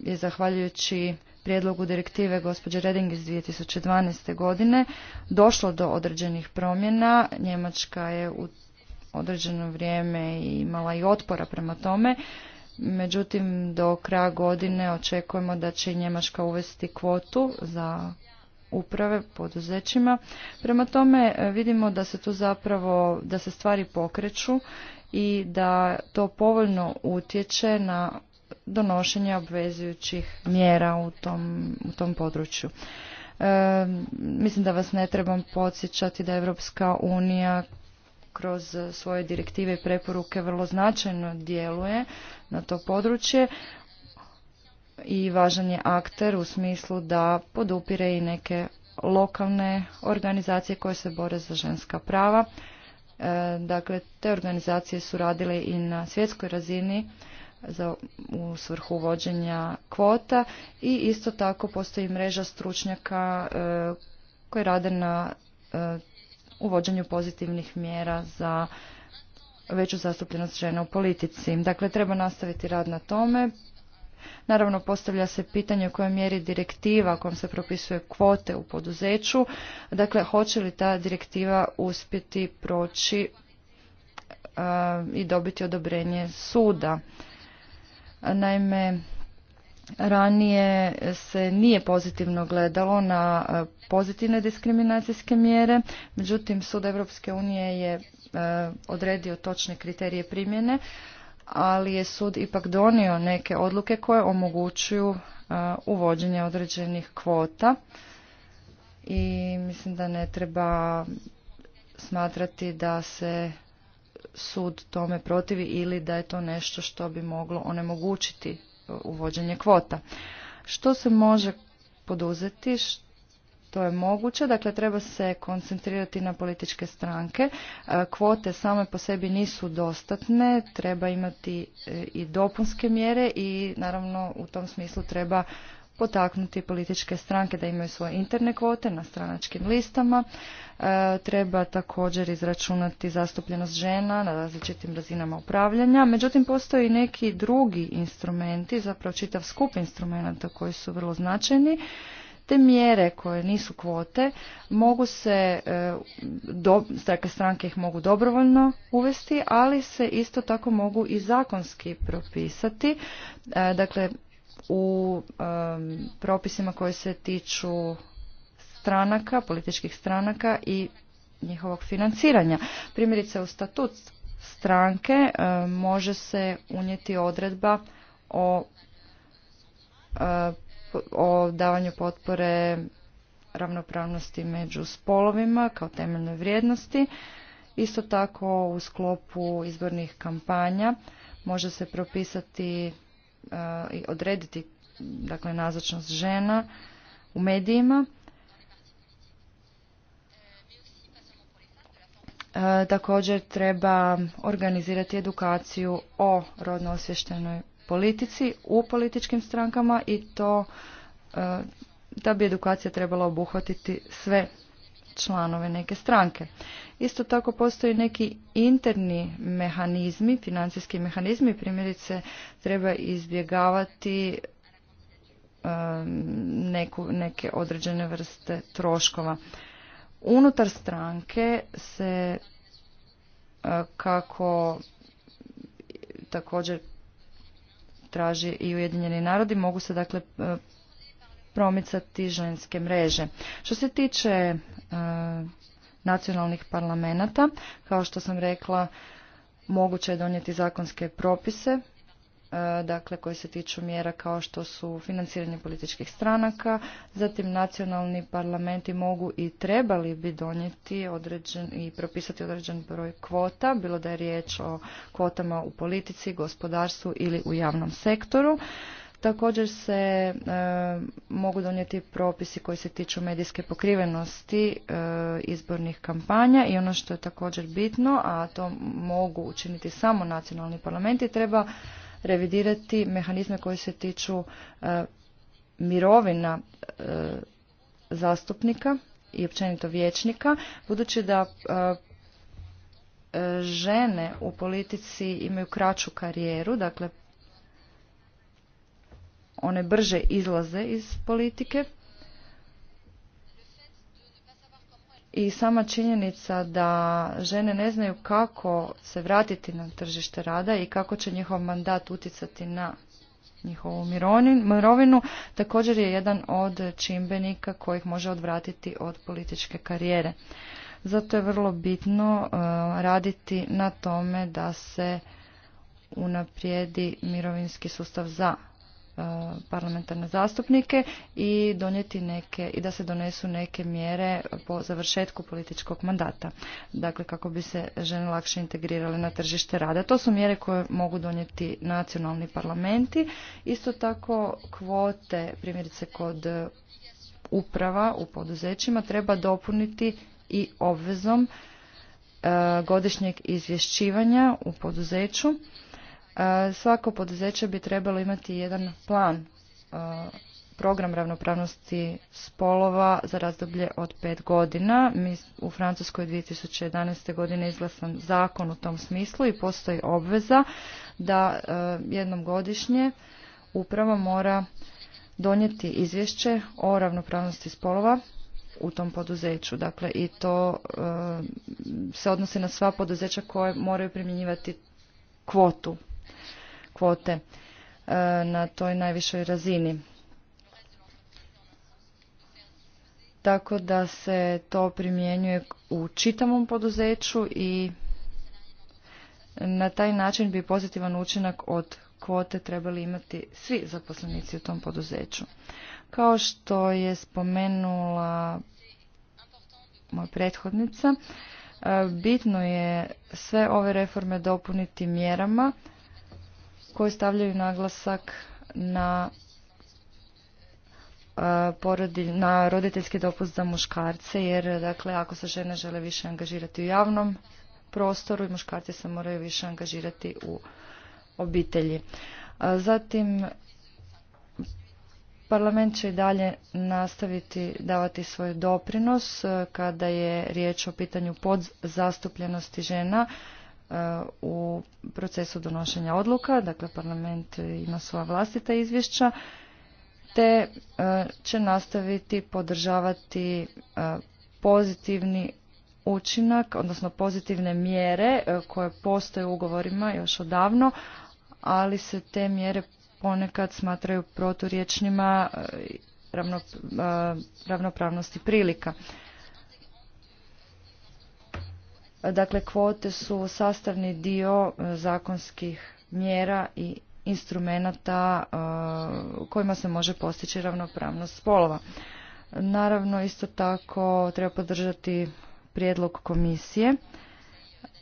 je zahvaljujući prijedlogu direktive gospođe Reding iz 2012. godine došlo do određenih promjena. Njemačka je u određeno vrijeme imala i otpora prema tome. Međutim, do kraja godine očekujemo da će Njemačka uvesti kvotu za uprave poduzećima. Prema tome e, vidimo da se tu zapravo, da se stvari pokreću i da to povoljno utječe na donošenje obvezujućih mjera u tom, u tom području. E, mislim da vas ne trebam podsjećati da Europska unija kroz svoje direktive i preporuke vrlo značajno djeluje na to područje i važan je akter u smislu da podupire i neke lokalne organizacije koje se bore za ženska prava. E, dakle, te organizacije su radile i na svjetskoj razini za, u svrhu vođenja kvota i isto tako postoji mreža stručnjaka e, koji rade na e, uvođenju pozitivnih mjera za veću zastupljenost žena u politici. Dakle, treba nastaviti rad na tome. Naravno, postavlja se pitanje u kojoj mjeri direktiva kojom se propisuje kvote u poduzeću. Dakle, hoće li ta direktiva uspjeti proći e, i dobiti odobrenje suda? Naime, ranije se nije pozitivno gledalo na e, pozitivne diskriminacijske mjere, međutim Sud Europske unije je e, odredio točne kriterije primjene, ali je sud ipak donio neke odluke koje omogućuju e, uvođenje određenih kvota i mislim da ne treba smatrati da se sud tome protivi ili da je to nešto što bi moglo onemogućiti e, uvođenje kvota. Što se može poduzeti, To je moguće, dakle treba se koncentrirati na političke stranke. E, kvote same po sebi nisu dostatne, treba imati e, i dopunske mjere i naravno u tom smislu treba potaknuti političke stranke da imaju svoje interne kvote na stranačkim listama. E, treba također izračunati zastupljenost žena na različitim razinama upravljanja. Međutim, postoji neki drugi instrumenti, zapravo čitav skup instrumenta koji su vrlo značajni. Te mjere koje nisu kvote mogu se, e, do, stranke ih mogu dobrovoljno uvesti, ali se isto tako mogu i zakonski propisati. E, dakle, u propisima koji se tiču stranaka, političkih stranaka i njihovog financiranja. Primjerice u statut stranke može se unijeti odredba o, o davanju potpore ravnopravnosti među spolovima kao temeljnoj vrijednosti. Isto tako u sklopu izbornih kampanja može se propisati E, i odrediti dakle nazočnost žena u medijima. E, također treba organizirati edukaciju o rodno osvještenoj politici u političkim strankama i to e, da bi edukacija trebala obuhvatiti sve članove neke stranke. Isto tako postoji neki interni mehanizmi, financijski mehanizmi, primjerice treba izbjegavati um, neku, neke određene vrste troškova. Unutar stranke se uh, kako također traži i Ujedinjeni narodi mogu se dakle uh, promicati ženske mreže. Što se tiče uh, nacionalnih parlamenata. Kao što sam rekla, moguće je donijeti zakonske propise e, dakle koji se tiču mjera kao što su financiranje političkih stranaka, zatim nacionalni parlamenti mogu i trebali bi donijeti određen i propisati određen broj kvota, bilo da je riječ o kvotama u politici, gospodarstvu ili u javnom sektoru. Također se e, mogu donijeti propisi koji se tiču medijske pokrivenosti e, izbornih kampanja i ono što je također bitno, a to mogu učiniti samo nacionalni parlamenti, treba revidirati mehanizme koji se tiču e, mirovina zastupnika i općenito vijećnika, budući da žene u politici imaju kraću karijeru, dakle one brže izlaze iz politike. I sama činjenica da žene ne znaju kako se vratiti na tržište rada i kako će njihov mandat utjecati na njihovu mirovinu, također je jedan od čimbenika kojih može odvratiti od političke karijere. Zato je vrlo bitno e, raditi na tome da se unaprijedi mirovinski sustav za parlamentarne zastupnike i donijeti neke i da se donesu neke mjere po završetku političkog mandata. Dakle, kako bi se žene lakše integrirale na tržište rada. To su mjere koje mogu donijeti nacionalni parlamenti. Isto tako kvote, primjerice kod uprava u poduzećima treba dopuniti i obvezom e, godišnjeg izvješćivanja u poduzeću Svako poduzeće bi trebalo imati jedan plan, program ravnopravnosti spolova za razdoblje od pet godina. Mi u Francuskoj 2011. godine izglasan zakon u tom smislu i postoji obveza da jednom godišnje uprava mora donijeti izvješće o ravnopravnosti spolova u tom poduzeću. Dakle, i to se odnosi na sva poduzeća koje moraju primjenjivati kvotu kvote e, na toj najvišoj razini. Tako da se to primjenjuje u čitavom poduzeću i na taj način bi pozitivan učinak od kvote trebali imati svi zaposlenici u tom poduzeću. Kao što je spomenula moja prethodnica, e, bitno je sve ove reforme dopuniti mjerama koji stavljaju naglasak na e, na roditeljski dopust za muškarce, jer dakle ako se žene žele više angažirati u javnom prostoru i muškarci se moraju više angažirati u obitelji. Zatim Parlament će i dalje nastaviti davati svoj doprinos e, kada je riječ o pitanju podzastupljenosti žena E, u procesu donošenja odluka, dakle parlament ima svoja vlastita izvješća, te e, će nastaviti podržavati e, pozitivni učinak, odnosno pozitivne mjere koje postoje u ugovorima još odavno, ali se te mjere ponekad smatraju proturječnima ravnopravnosti prilika. Dakle, kvote su sastavni dio e, zakonskih mjera i instrumenata e, kojima se može postići ravnopravnost spolova. Naravno, isto tako treba podržati prijedlog komisije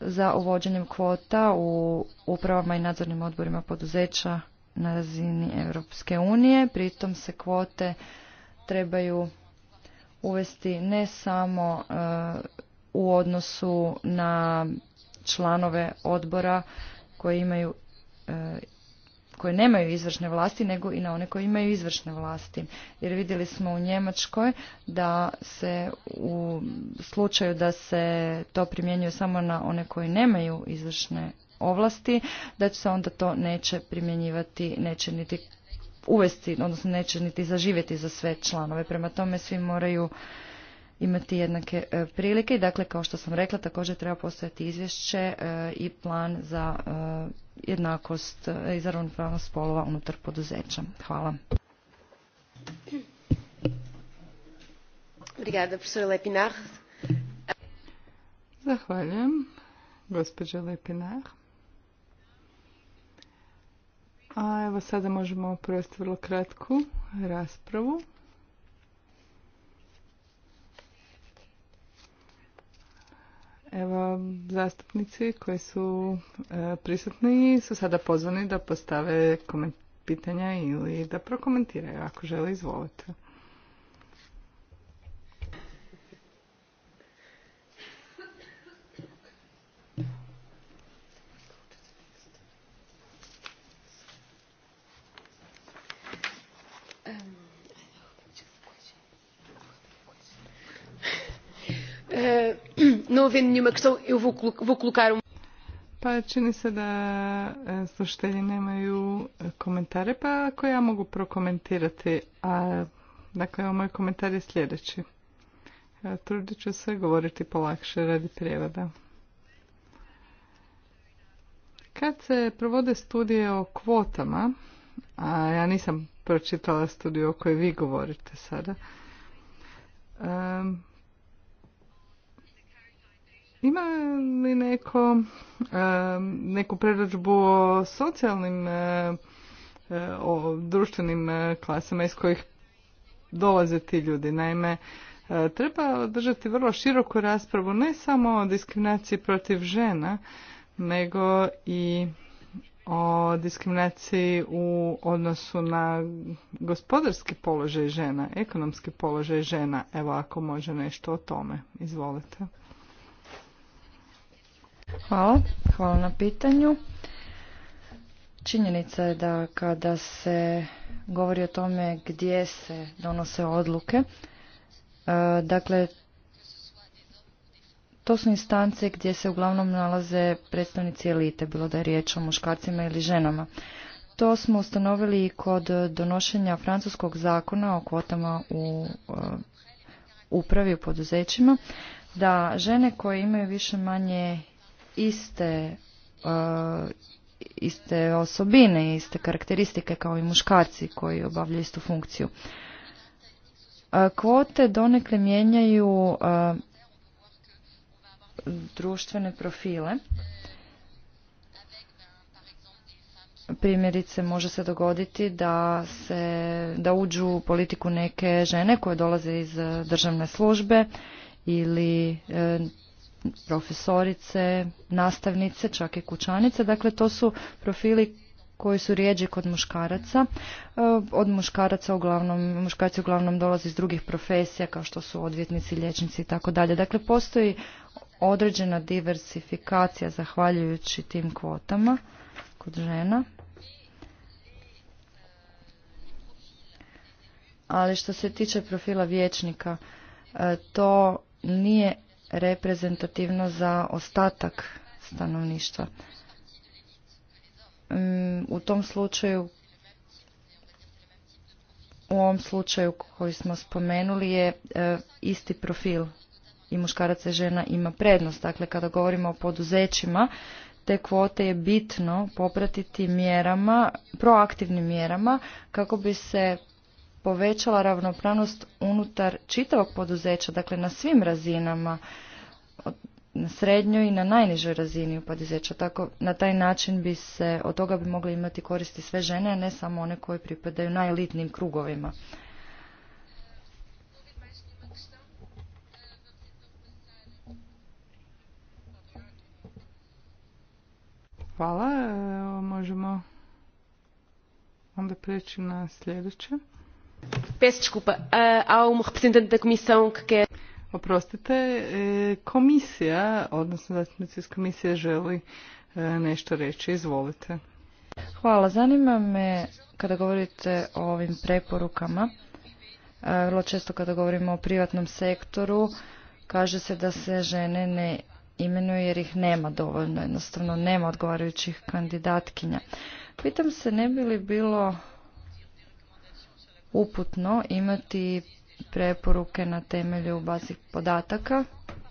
za uvođenjem kvota u upravama i nadzornim odborima poduzeća na razini Europske unije. Pritom se kvote trebaju uvesti ne samo e, u odnosu na članove odbora koji imaju e, koji nemaju izvršne vlasti nego i na one koji imaju izvršne vlasti. Jer vidjeli smo u Njemačkoj da se u slučaju da se to primjenjuje samo na one koji nemaju izvršne ovlasti, da će se onda to neće primjenjivati, neće niti uvesti, odnosno neće niti zaživjeti za sve članove. Prema tome svi moraju imati jednake e, prilike dakle kao što sam rekla također treba postojati izvješće e, i plan za e, jednakost i za ravnopravnost spolova unutar poduzeća. Hvala. Zahvaljujem, gospođo Lepinar. A evo sada možemo provesti vrlo kratku raspravu. Evo, zastupnici koji su e, prisutni su sada pozvani da postave pitanja ili da prokomentiraju ako žele izvolite. não havendo nenhuma questão, eu vou, vou colocar um... Pa čini se da e, slušatelji nemaju komentare, pa ako ja mogu prokomentirati, a dakle moj komentar je sljedeći. E, trudit ću se govoriti polakše radi prijevoda. Kad se provode studije o kvotama, a ja nisam pročitala studiju o kojoj vi govorite sada, um, ima li neko, neku predračbu o socijalnim, e, e, o društvenim e, klasama iz kojih dolaze ti ljudi? Naime, treba održati vrlo široku raspravu ne samo o diskriminaciji protiv žena, nego i o diskriminaciji u odnosu na gospodarski položaj žena, ekonomski položaj žena. Evo ako može nešto o tome. Izvolite. Hvala. Hvala na pitanju. Činjenica je da kada se govori o tome gdje se donose odluke, e, dakle, to su instance gdje se uglavnom nalaze predstavnici elite, bilo da je riječ o muškarcima ili ženama. To smo ustanovili i kod donošenja francuskog zakona o kvotama u e, upravi u poduzećima, da žene koje imaju više manje iste e, iste osobine, iste karakteristike kao i muškarci koji obavljaju istu funkciju. E, kvote donekle mijenjaju e, društvene profile. Primjerice može se dogoditi da se da uđu u politiku neke žene koje dolaze iz državne službe ili profesorice, nastavnice, čak i kućanice. Dakle, to su profili koji su rijeđi kod muškaraca. E, od muškaraca uglavnom, muškarci uglavnom dolaze iz drugih profesija kao što su odvjetnici, liječnici i tako dalje. Dakle, postoji određena diversifikacija zahvaljujući tim kvotama kod žena. Ali što se tiče profila vječnika, e, to nije reprezentativno za ostatak stanovništva. Mm, u tom slučaju, u ovom slučaju koji smo spomenuli je e, isti profil i muškaraca i žena ima prednost. Dakle, kada govorimo o poduzećima, te kvote je bitno popratiti mjerama, proaktivnim mjerama kako bi se povećala ravnopravnost unutar čitavog poduzeća, dakle na svim razinama, na srednjoj i na najnižoj razini u poduzeća. Tako na taj način bi se od toga bi mogle imati koristi sve žene, a ne samo one koje pripadaju najelitnim krugovima. Hvala, možemo onda preći na sljedeće. Oprostite, eh, komisija, odnosno zastupnici iz komisije želi eh, nešto reći. Izvolite. Hvala. Zanima me kada govorite o ovim preporukama, eh, vrlo često kada govorimo o privatnom sektoru, kaže se da se žene ne imenuju jer ih nema dovoljno, jednostavno nema odgovarajućih kandidatkinja. Pitam se ne bi li bilo uputno imati preporuke na temelju bazih podataka,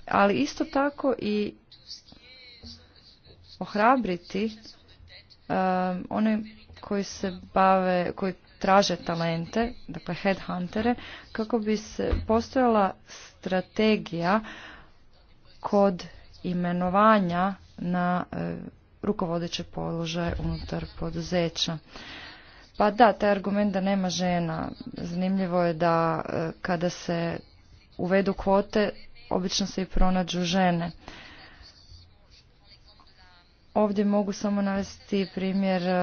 ali isto tako i ohrabriti um, one koji se bave, koji traže talente, dakle headhuntere, kako bi se postojala strategija kod imenovanja na uh, rukovodeće položaje unutar poduzeća. Pa da, taj argument da nema žena. Zanimljivo je da e, kada se uvedu kvote, obično se i pronađu žene. Ovdje mogu samo navesti primjer e,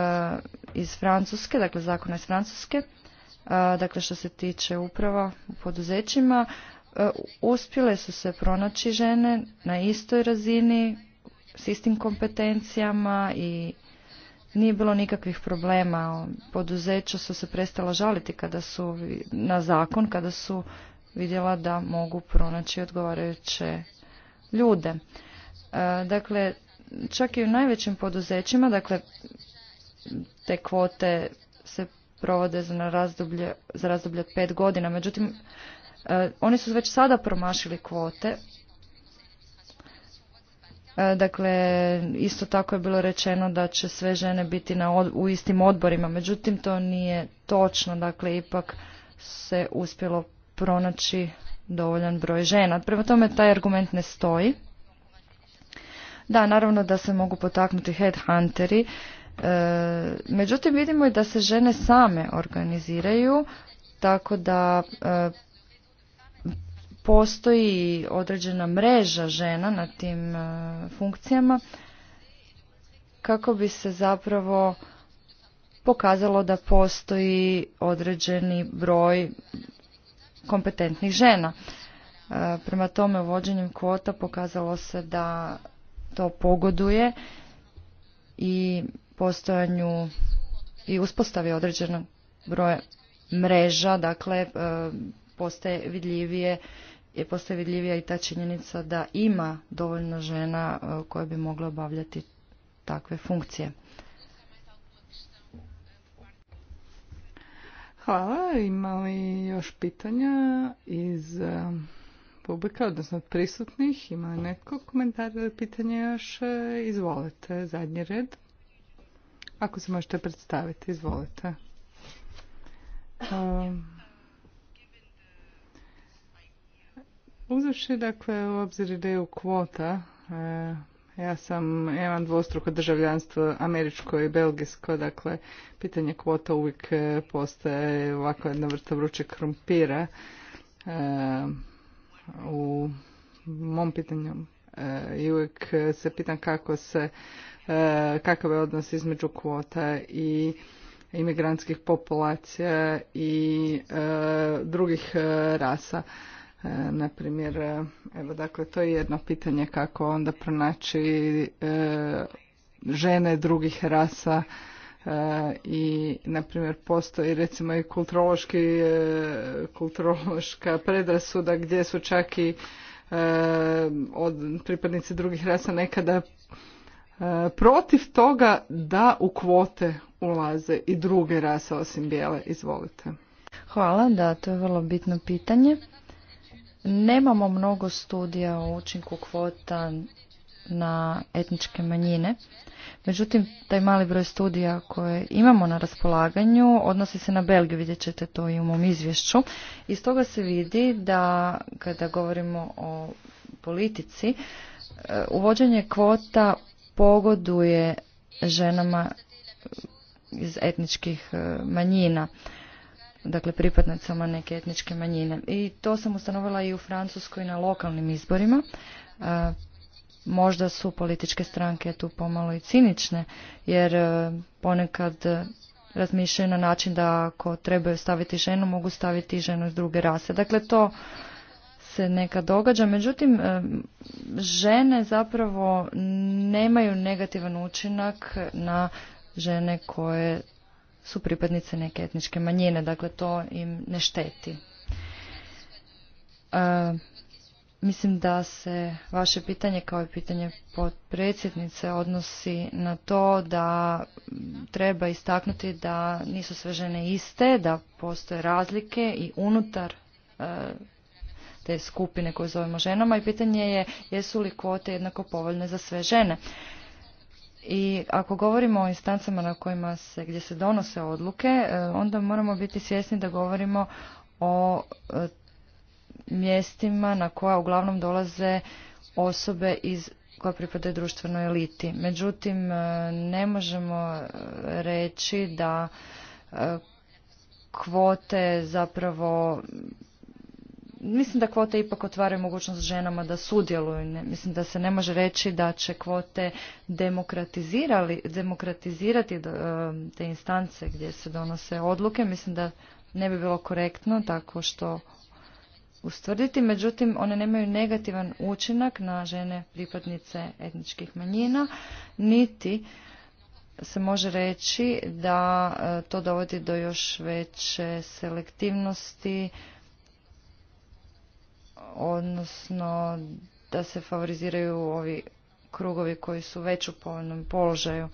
iz Francuske, dakle zakona iz Francuske, e, dakle što se tiče uprava u poduzećima. Uspjele su se pronaći žene na istoj razini, s istim kompetencijama i nije bilo nikakvih problema. Poduzeća su se prestala žaliti kada su na zakon, kada su vidjela da mogu pronaći odgovarajuće ljude. E, dakle, čak i u najvećim poduzećima, dakle, te kvote se provode za, razdoblje, za razdoblje od pet godina. Međutim, e, oni su već sada promašili kvote E, dakle, isto tako je bilo rečeno da će sve žene biti na u istim odborima, međutim to nije točno, dakle ipak se uspjelo pronaći dovoljan broj žena. Prema tome taj argument ne stoji. Da, naravno da se mogu potaknuti headhunteri, e, međutim vidimo i da se žene same organiziraju, tako da e, postoji određena mreža žena na tim e, funkcijama kako bi se zapravo pokazalo da postoji određeni broj kompetentnih žena. E, prema tome, uvođenjem kvota pokazalo se da to pogoduje i postojanju i uspostavi određenog broja mreža, dakle e, postaje vidljivije je postoje vidljivija i ta činjenica da ima dovoljno žena e, koje bi mogle obavljati takve funkcije. Hvala. Ima li još pitanja iz e, publika, odnosno od prisutnih? Ima li neko komentar ili pitanje još? E, izvolite, zadnji red. Ako se možete predstaviti, izvolite. Uzavši dakle u obzir ideju kvota, e, ja sam, ja imam dvostruko državljanstvo američko i belgijsko, dakle pitanje kvota uvijek e, postaje ovako jedna vrsta vrućeg krumpira. E, u mom pitanju i uvijek se pitam kako se, kakav je odnos između kvota i imigrantskih populacija i drugih rasa. E, na primjer, e, evo dakle to je jedno pitanje kako onda pronaći e, žene drugih rasa i na primjer postoji recimo i kulturološki kulturološka predrasuda gdje su čak i od pripadnici drugih rasa nekada protiv toga da u kvote ulaze i druge rase osim bijele. Izvolite. Hvala, da, to je vrlo bitno pitanje. Nemamo mnogo studija o učinku kvota na etničke manjine. Međutim, taj mali broj studija koje imamo na raspolaganju odnosi se na Belgiju, vidjet ćete to i u mom izvješću. Iz toga se vidi da kada govorimo o politici, e, uvođenje kvota pogoduje ženama iz etničkih e, manjina dakle pripadnicama neke etničke manjine. I to sam ustanovila i u Francuskoj na lokalnim izborima. E, možda su političke stranke tu pomalo i cinične, jer e, ponekad razmišljaju na način da ako trebaju staviti ženu, mogu staviti ženu iz druge rase. Dakle, to se neka događa. Međutim, e, žene zapravo nemaju negativan učinak na žene koje su pripadnice neke etničke manjine, dakle to im ne šteti. E, mislim da se vaše pitanje kao i pitanje potpredsjednice odnosi na to da treba istaknuti da nisu sve žene iste, da postoje razlike i unutar e, te skupine koje zovemo ženama i pitanje je jesu li kvote jednako povoljne za sve žene. I ako govorimo o instancama na kojima se, gdje se donose odluke, e, onda moramo biti svjesni da govorimo o e, mjestima na koja uglavnom dolaze osobe iz koja pripadaju društvenoj eliti. Međutim, e, ne možemo reći da kvote zapravo mislim da kvote ipak otvaraju mogućnost ženama da sudjeluju. mislim da se ne može reći da će kvote demokratizirali, demokratizirati e, te instance gdje se donose odluke. Mislim da ne bi bilo korektno tako što ustvrditi. Međutim, one nemaju negativan učinak na žene pripadnice etničkih manjina, niti se može reći da e, to dovodi do još veće selektivnosti odnosno da se favoriziraju ovi krugovi koji su već u povoljnom položaju.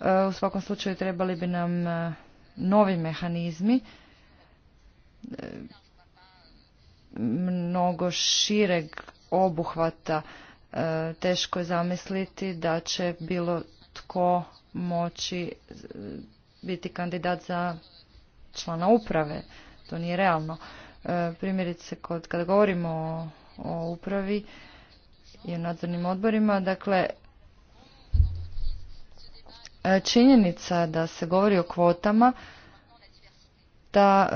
E, u svakom slučaju trebali bi nam e, novi mehanizmi, e, mnogo šireg obuhvata. Teško je zamisliti da će bilo tko moći biti kandidat za člana uprave. To nije realno. E, primjerice kod, kada govorimo o, upravi i o nadzornim odborima, dakle, e, činjenica da se govori o kvotama, ta e,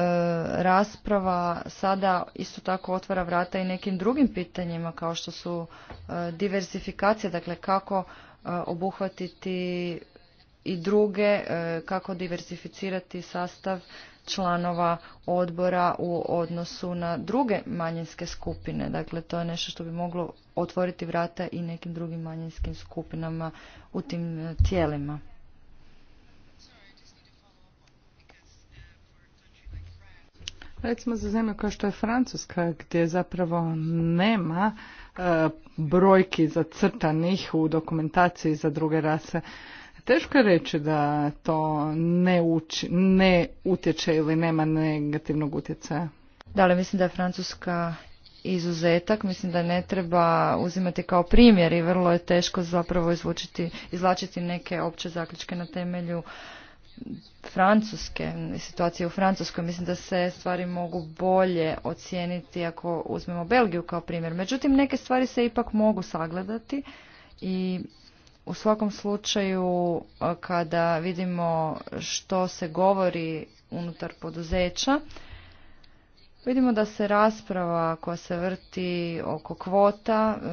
rasprava sada isto tako otvara vrata i nekim drugim pitanjima kao što su e, diversifikacija, dakle kako obuhvatiti i druge, kako diversificirati sastav članova odbora u odnosu na druge manjinske skupine. Dakle, to je nešto što bi moglo otvoriti vrata i nekim drugim manjinskim skupinama u tim e, tijelima. Recimo za zemlju kao što je Francuska gdje zapravo nema e, brojki zacrtanih u dokumentaciji za druge rase. Teško je reći da to ne, uči, ne utječe ili nema negativnog utjecaja. Da, li mislim da je Francuska izuzetak, mislim da ne treba uzimati kao primjer i vrlo je teško zapravo izvučiti, izlačiti neke opće zaključke na temelju Francuske, situacije u Francuskoj, mislim da se stvari mogu bolje ocijeniti ako uzmemo Belgiju kao primjer. Međutim, neke stvari se ipak mogu sagledati i u svakom slučaju, e, kada vidimo što se govori unutar poduzeća, vidimo da se rasprava koja se vrti oko kvota e,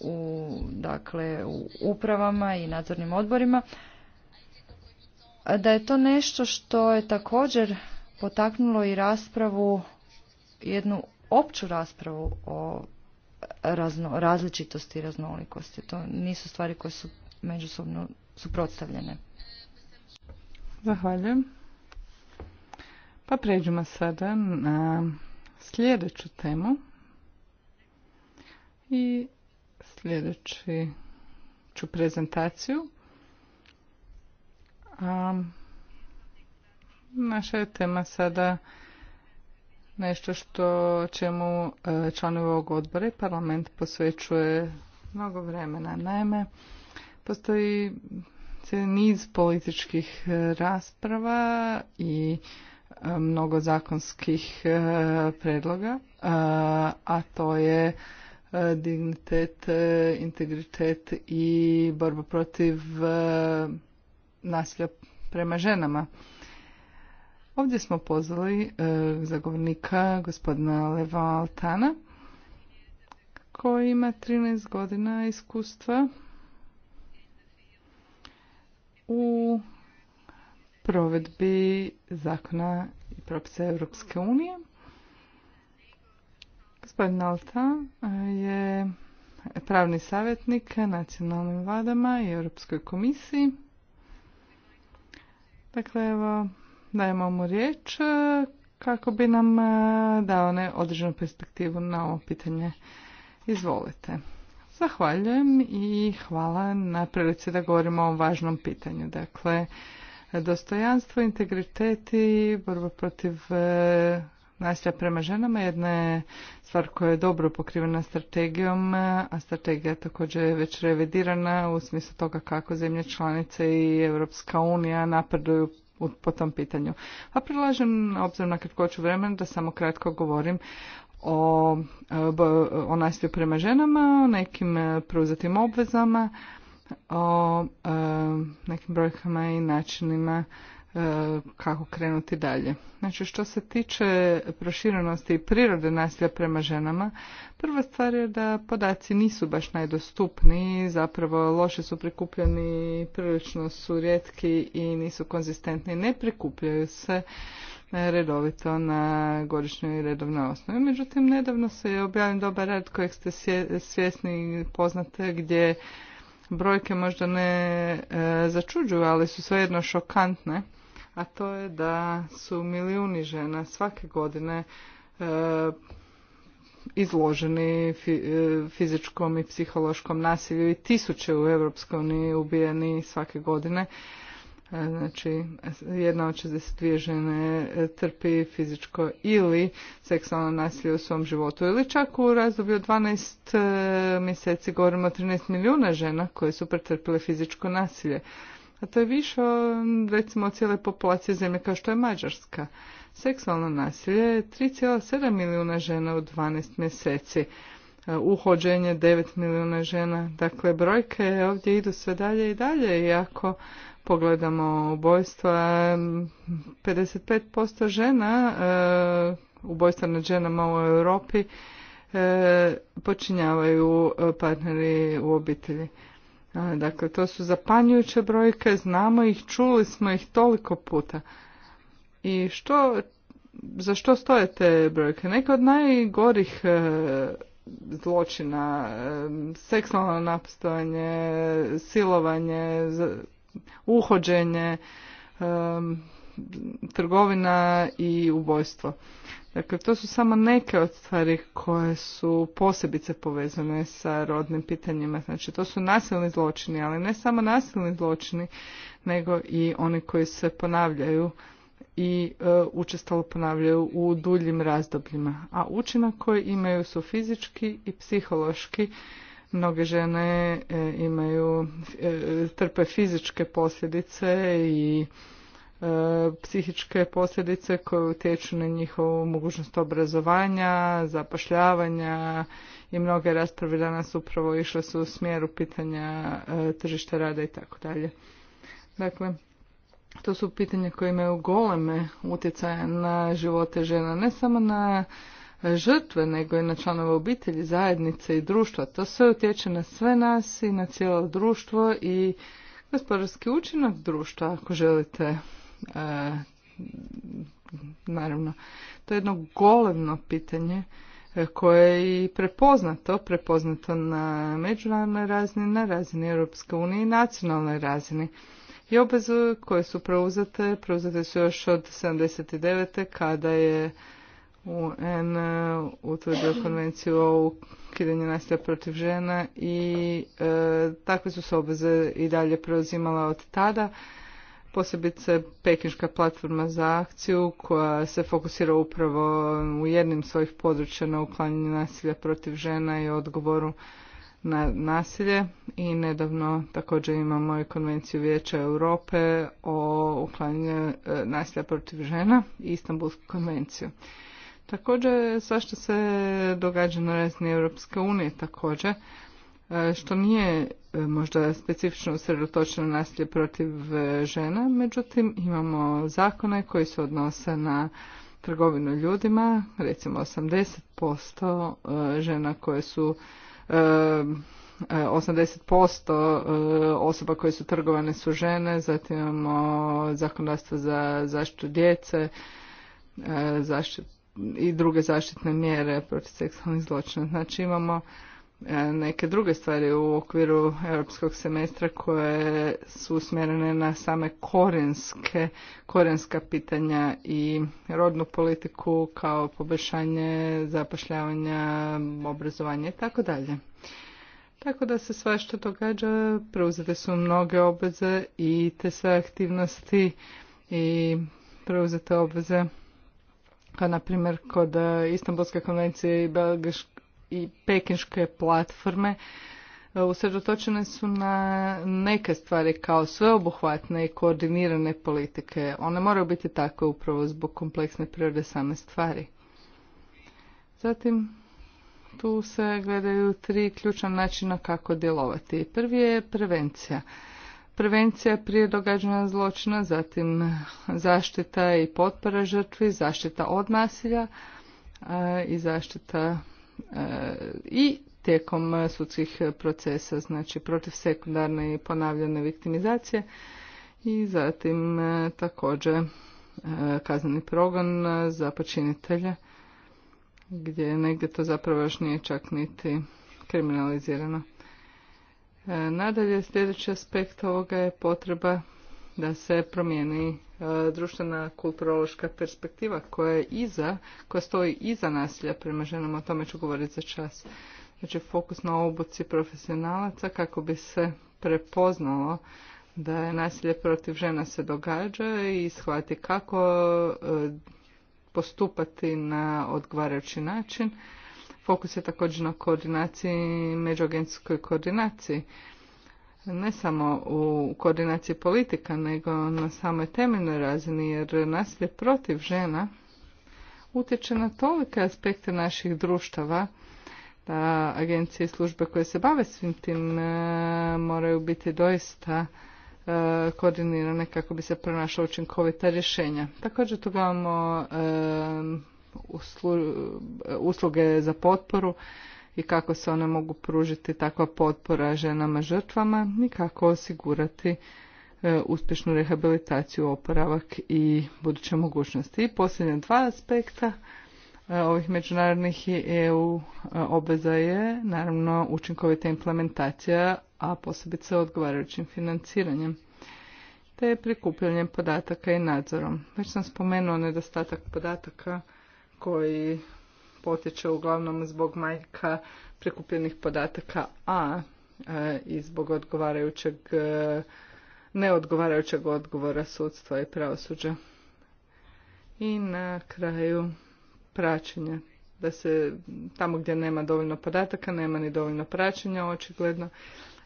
u, dakle, u upravama i nadzornim odborima, da je to nešto što je također potaknulo i raspravu, jednu opću raspravu o različitosti i raznolikosti. To nisu stvari koje su međusobno suprotstavljene. Zahvaljujem. Pa pređemo sada na sljedeću temu. I sljedeći ću prezentaciju. A, naša je tema sada nešto što čemu e, članovi ovog odbora i parlament posvećuje mnogo vremena. Naime, Postoji niz političkih e, rasprava i e, mnogo zakonskih e, predloga, a to je dignitet, integritet i borba protiv nasilja prema ženama. Ovdje smo pozvali zagovornika gospodina Leva Altana koji ima 13 godina iskustva u provedbi zakona i propisa Europske unije. Gospodin Alta eh, je pravni savjetnik nacionalnim vladama i Europskoj komisiji. Dakle, evo, dajemo mu riječ eh, kako bi nam eh, dao ne određenu perspektivu na ovo pitanje. Izvolite. Zahvaljujem i hvala na prilici da govorimo o važnom pitanju. Dakle, dostojanstvo, integritet i borba protiv e, nasilja prema ženama jedna je stvar koja je dobro pokrivena strategijom, e, a strategija također je već revidirana u smislu toga kako zemlje članice i Europska unija napreduju po tom pitanju. A predlažem, obzirom na kratkoću vremena, da samo kratko govorim o, o nasilju prema ženama, o nekim e, preuzetim obvezama, o e, nekim brojkama i načinima e, kako krenuti dalje. Znači što se tiče proširenosti i prirode nasilja prema ženama, prva stvar je da podaci nisu baš najdostupniji, zapravo loše su prikupljeni, prilično su rijetki i nisu konzistentni, ne prikupljaju se redovito na godišnjoj i redovnoj osnovi. Međutim, nedavno se je objavljen dobar rad kojeg ste svjesni i poznate gdje brojke možda ne e, začuđuju, ali su svejedno šokantne, a to je da su milijuni žena svake godine e, izloženi e, fizičkom i psihološkom nasilju i tisuće u Europskoj uniji ubijeni svake godine E, znači, jedna od 62 žene e, trpi fizičko ili seksualno nasilje u svom životu. Ili čak u razdoblju 12 e, mjeseci govorimo o 13 milijuna žena koje su pretrpile fizičko nasilje. A to je više, recimo, cijele populacije zemlje kao što je Mađarska. Seksualno nasilje je 3,7 milijuna žena u 12 mjeseci. Uhođenje 9 milijuna žena. Dakle, brojke ovdje idu sve dalje i dalje. I ako pogledamo ubojstva, 55% žena, e, ubojstva nad ženama u Europi e, počinjavaju e, partneri u obitelji. Dakle, to su zapanjujuće brojke, znamo ih, čuli smo ih toliko puta. I što, za što stoje te brojke? Neke od najgorih zločina, seksualno napastovanje, silovanje, uhođenje, trgovina i ubojstvo. Dakle, to su samo neke od stvari koje su posebice povezane sa rodnim pitanjima. Znači, to su nasilni zločini, ali ne samo nasilni zločini, nego i oni koji se ponavljaju i e, učestalo ponavljaju u duljim razdobljima. A učinak koji imaju su fizički i psihološki Mnoge žene e, imaju, e, trpe fizičke posljedice i e, psihičke posljedice koje utječu na njihovu mogućnost obrazovanja, zapošljavanja i mnoge rasprave danas upravo išle su u smjeru pitanja tržišta rada i tako dalje. Dakle, to su pitanja koje imaju goleme utjecaje na živote žena, ne samo na žrtve, nego i na članova obitelji, zajednice i društva. To sve utječe na sve nas i na cijelo društvo i gospodarski učinak društva, ako želite. E, naravno, to je jedno golemno pitanje e, koje je i prepoznato, prepoznato na međunarodnoj razini, na razini Europske unije i nacionalnoj razini. I obveze koje su preuzete, preuzete su još od 79. kada je UN e, utvrdio konvenciju o ukidanju nasilja protiv žena i e, takve su se obveze i dalje preuzimala od tada. Posebice Pekinška platforma za akciju koja se fokusira upravo u jednim svojih područja na uklanjanju nasilja protiv žena i odgovoru na nasilje i nedavno također imamo i konvenciju Vijeća Europe o uklanjanju e, nasilja protiv žena i Istanbulsku konvenciju. Također, svašta se događa na razini Europske unije također, e, što nije e, možda specifično usredotočeno nasilje protiv e, žena, međutim imamo zakone koji se odnose na trgovinu ljudima, recimo 80% žena koje su 80% osoba koje su trgovane su žene, zatim imamo zakonodavstvo za zaštitu djece, zaštitu i druge zaštitne mjere protiv seksualnih zločina. Znači imamo e, neke druge stvari u okviru europskog semestra koje su usmjerene na same korenske, korenska pitanja i rodnu politiku kao poboljšanje zapošljavanja, obrazovanja i tako dalje. Tako da se sva što događa, preuzete su mnoge obveze i te sve aktivnosti i preuzete obveze pa na primjer kod e, Istanbulske konvencije i, i Pekinške platforme, e, usredotočene su na neke stvari kao sveobuhvatne i koordinirane politike. One moraju biti takve upravo zbog kompleksne prirode same stvari. Zatim, tu se gledaju tri ključna načina kako djelovati. Prvi je prevencija prevencija prije događanja zločina, zatim zaštita i potpora žrtvi, zaštita od nasilja e, i zaštita e, i tijekom sudskih procesa, znači protiv sekundarne i ponavljane viktimizacije i zatim e, također kazneni progon za počinitelje gdje negdje to zapravo još nije čak niti kriminalizirano. E, nadalje, sljedeći aspekt ovoga je potreba da se promijeni e, društvena kulturološka perspektiva koja iza, koja stoji iza nasilja prema ženama, o tome ću govoriti za čas. Znači fokus na obuci profesionalaca kako bi se prepoznalo da je nasilje protiv žena se događa i shvati kako e, postupati na odgovarajući način Fokus je također na koordinaciji, međuagencijskoj koordinaciji. Ne samo u koordinaciji politika, nego na samoj temeljnoj razini, jer nasilje protiv žena utječe na tolike aspekte naših društava, da agencije i službe koje se bave svim tim e, moraju biti doista e, koordinirane kako bi se pronašla učinkovita rješenja. Također tu gledamo e, usluge za potporu i kako se one mogu pružiti takva potpora ženama žrtvama i kako osigurati e, uspješnu rehabilitaciju, oporavak i buduće mogućnosti. I posljednja dva aspekta e, ovih međunarodnih i EU e, obveza je naravno učinkovita implementacija, a posebice odgovarajućim financiranjem te prikupljanjem podataka i nadzorom. Već sam spomenuo nedostatak podataka koji potječe uglavnom zbog majka prikupljenih podataka A e, i zbog odgovarajućeg e, neodgovarajućeg odgovora sudstva i pravosuđa. I na kraju praćenje. Da se tamo gdje nema dovoljno podataka, nema ni dovoljno praćenja očigledno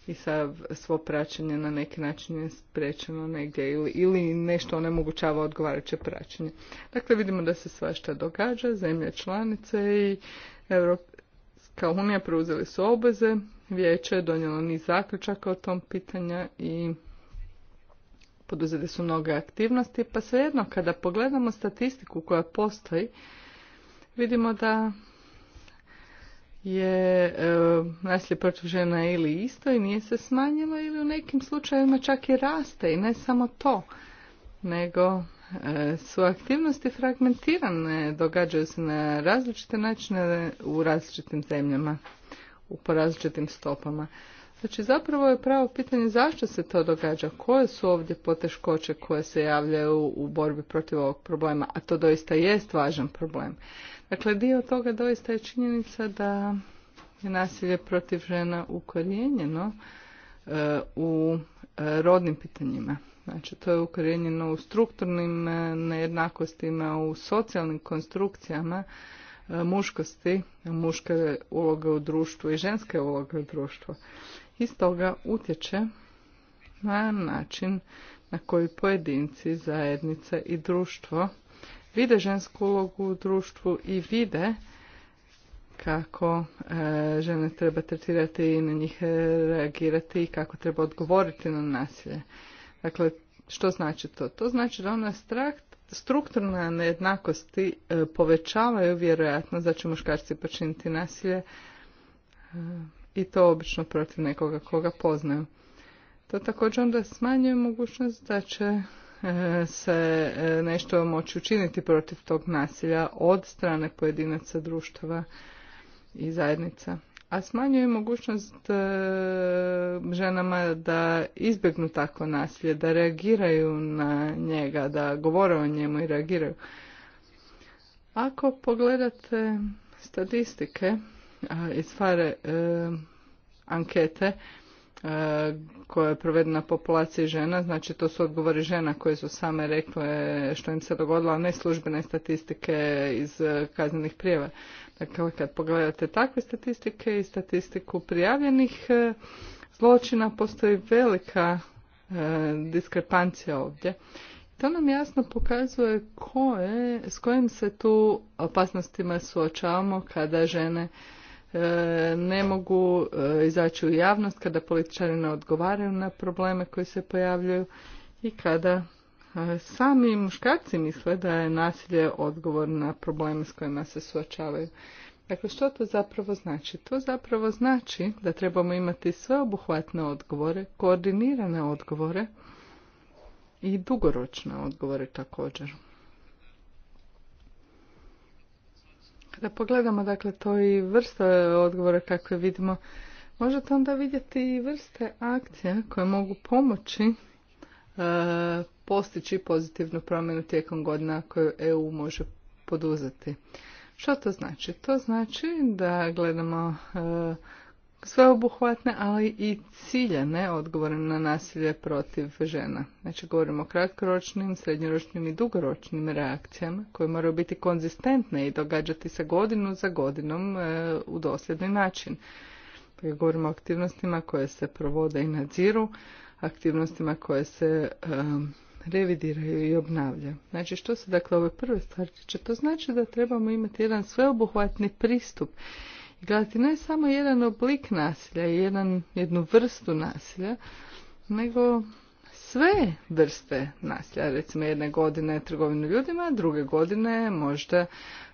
i sa svo praćenje na neki način je sprečeno negdje ili, ili nešto onemogućava odgovarajuće praćenje. Dakle, vidimo da se svašta događa, zemlje članice i Europska unija preuzeli su obveze, vijeće je donijelo niz zaključaka o tom pitanja i poduzeli su mnoge aktivnosti, pa svejedno kada pogledamo statistiku koja postoji, vidimo da je e, nasilje protiv žena ili isto i nije se smanjilo ili u nekim slučajevima čak i raste i ne samo to nego e, su aktivnosti fragmentirane, događaju se na različite načine u različitim zemljama, u po različitim stopama. Znači zapravo je pravo pitanje zašto se to događa, koje su ovdje poteškoće koje se javljaju u borbi protiv ovog problema, a to doista jest važan problem. Dakle, dio toga doista je činjenica da je nasilje protiv žena ukorijenjeno e, u e, rodnim pitanjima. Znači, to je ukorijenjeno u strukturnim e, nejednakostima, u socijalnim konstrukcijama muškosti, muške uloge u društvu i ženske uloge u društvu. I stoga utječe na način na koji pojedinci, zajednica i društvo vide žensku ulogu u društvu i vide kako e, žene treba tretirati i na njih e, reagirati i kako treba odgovoriti na nasilje. Dakle, što znači to? To znači da ona strukturne nejednakosti e, povećavaju vjerojatno da će muškarci počiniti nasilje i to obično protiv nekoga koga poznaju. To također onda smanjuje mogućnost da će E, se e, nešto moći učiniti protiv tog nasilja od strane pojedinaca, društava i zajednica. A smanjuje mogućnost e, ženama da izbjegnu tako nasilje, da reagiraju na njega, da govore o njemu i reagiraju. Ako pogledate statistike i fare ankete, E, koja je provedena populaciji žena, znači to su odgovori žena koje su same rekle što im se dogodilo, a ne službene statistike iz e, kaznenih prijeva. Dakle, kad pogledate takve statistike i statistiku prijavljenih e, zločina, postoji velika diskrepancija ovdje. To nam jasno pokazuje koje, s kojim se tu opasnostima suočavamo kada žene E, ne mogu e, izaći u javnost kada političari ne odgovaraju na probleme koji se pojavljuju i kada e, sami muškarci misle da je nasilje odgovor na probleme s kojima se suočavaju. Dakle, što to zapravo znači? To zapravo znači da trebamo imati sveobuhvatne odgovore, koordinirane odgovore i dugoročne odgovore također. Kada pogledamo dakle to i vrste odgovora kakve vidimo, možete onda vidjeti i vrste akcija koje mogu pomoći e, postići pozitivnu promjenu tijekom godina koju EU može poduzeti. Što to znači? To znači da gledamo e, sveobuhvatne, ali i ciljane odgovore na nasilje protiv žena. Znači govorimo o kratkoročnim, srednjoročnim i dugoročnim reakcijama koje moraju biti konzistentne i događati se godinu za godinom e, u dosljedni način. Pa govorimo o aktivnostima koje se provode i nadziru, aktivnostima koje se e, revidiraju i obnavljaju. Znači što se dakle ove prve stvari To znači da trebamo imati jedan sveobuhvatni pristup gledati ne samo jedan oblik nasilja, jedan, jednu vrstu nasilja, nego sve vrste nasilja, recimo jedne godine trgovinu ljudima, druge godine možda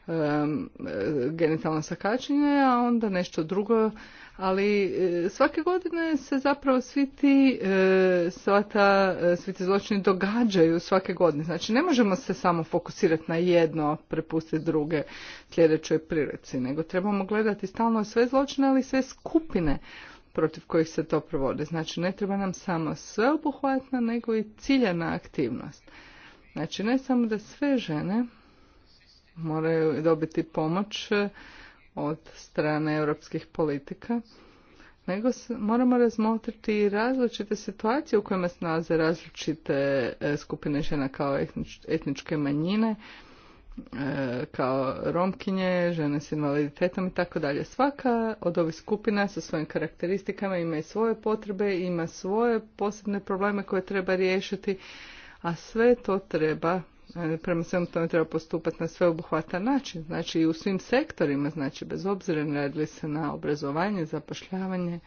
E, genitalno sakačenja, a onda nešto drugo. Ali e, svake godine se zapravo svi ti, e, sva svi ti zločini događaju svake godine. Znači ne možemo se samo fokusirati na jedno, prepustiti druge sljedećoj prireci, nego trebamo gledati stalno sve zločine, ali sve skupine protiv kojih se to provode. Znači ne treba nam samo sveobuhvatna, nego i ciljena aktivnost. Znači ne samo da sve žene moraju dobiti pomoć e, od strane europskih politika, nego moramo razmotriti različite situacije u kojima se nalaze različite e, skupine žena kao etničke manjine, e, kao romkinje, žene s invaliditetom i tako dalje. Svaka od ovih skupina sa svojim karakteristikama ima i svoje potrebe, ima svoje posebne probleme koje treba riješiti, a sve to treba E, prema svemu tome treba postupati na sveobuhvatan način, znači i u svim sektorima, znači bez obzira ne radili se na obrazovanje, zapošljavanje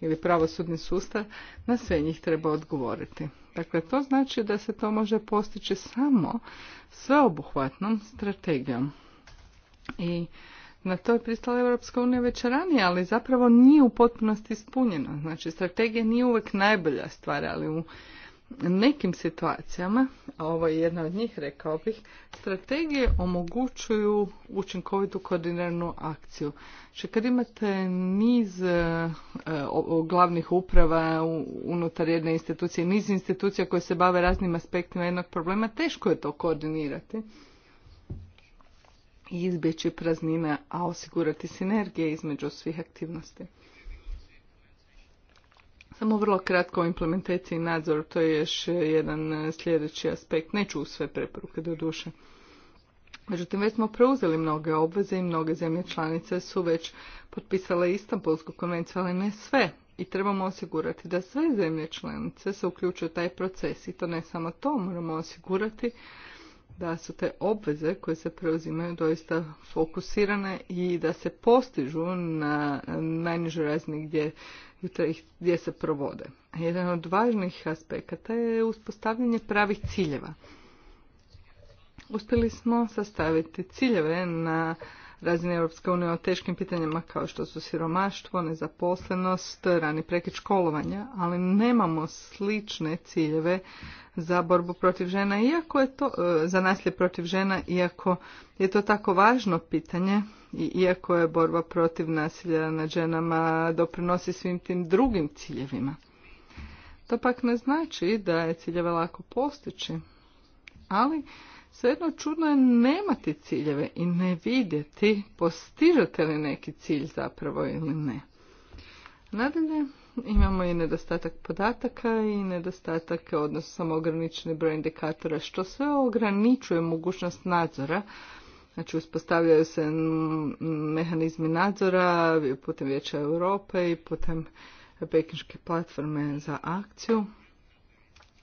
ili pravosudni sustav, na sve njih treba odgovoriti. Dakle, to znači da se to može postići samo sveobuhvatnom strategijom. I na to je pristala Europska unija već ranije, ali zapravo nije u potpunosti ispunjena, Znači, strategija nije uvijek najbolja stvar, ali u nekim situacijama, a ovo je jedna od njih, rekao bih, strategije omogućuju učinkovitu koordiniranu akciju. Znači kad imate niz e, glavnih uprava unutar jedne institucije, niz institucija koje se bave raznim aspektima jednog problema, teško je to koordinirati i izbjeći praznine, a osigurati sinergije između svih aktivnosti. Samo vrlo kratko o implementaciji nadzoru, to je još jedan e, sljedeći aspekt. Neću u sve preporuke do duše. Međutim, već smo preuzeli mnoge obveze i mnoge zemlje članice su već potpisale Istanbulsku konvenciju, ali ne sve. I trebamo osigurati da sve zemlje članice se uključuju u taj proces i to ne samo to, moramo osigurati da su te obveze koje se preuzimaju doista fokusirane i da se postižu na najnižoj razini gdje, gdje se provode. Jedan od važnih aspekata je uspostavljanje pravih ciljeva. Uspjeli smo sastaviti ciljeve na Razine Europske unije o teškim pitanjima kao što su siromaštvo, nezaposlenost, rani prekid školovanja, ali nemamo slične ciljeve za borbu protiv žena, iako je to, e, za nasilje protiv žena, iako je to tako važno pitanje i iako je borba protiv nasilja nad ženama doprinosi svim tim drugim ciljevima. To pak ne znači da je ciljeve lako postići, ali Svejedno čudno je nemati ciljeve i ne vidjeti postižete li neki cilj zapravo ili ne. Nadalje, imamo i nedostatak podataka i nedostatak, odnosno samo ograničeni broj indikatora, što sve ograničuje mogućnost nadzora. Znači, uspostavljaju se mehanizmi nadzora putem Vijeća Europe i putem pekinške platforme za akciju.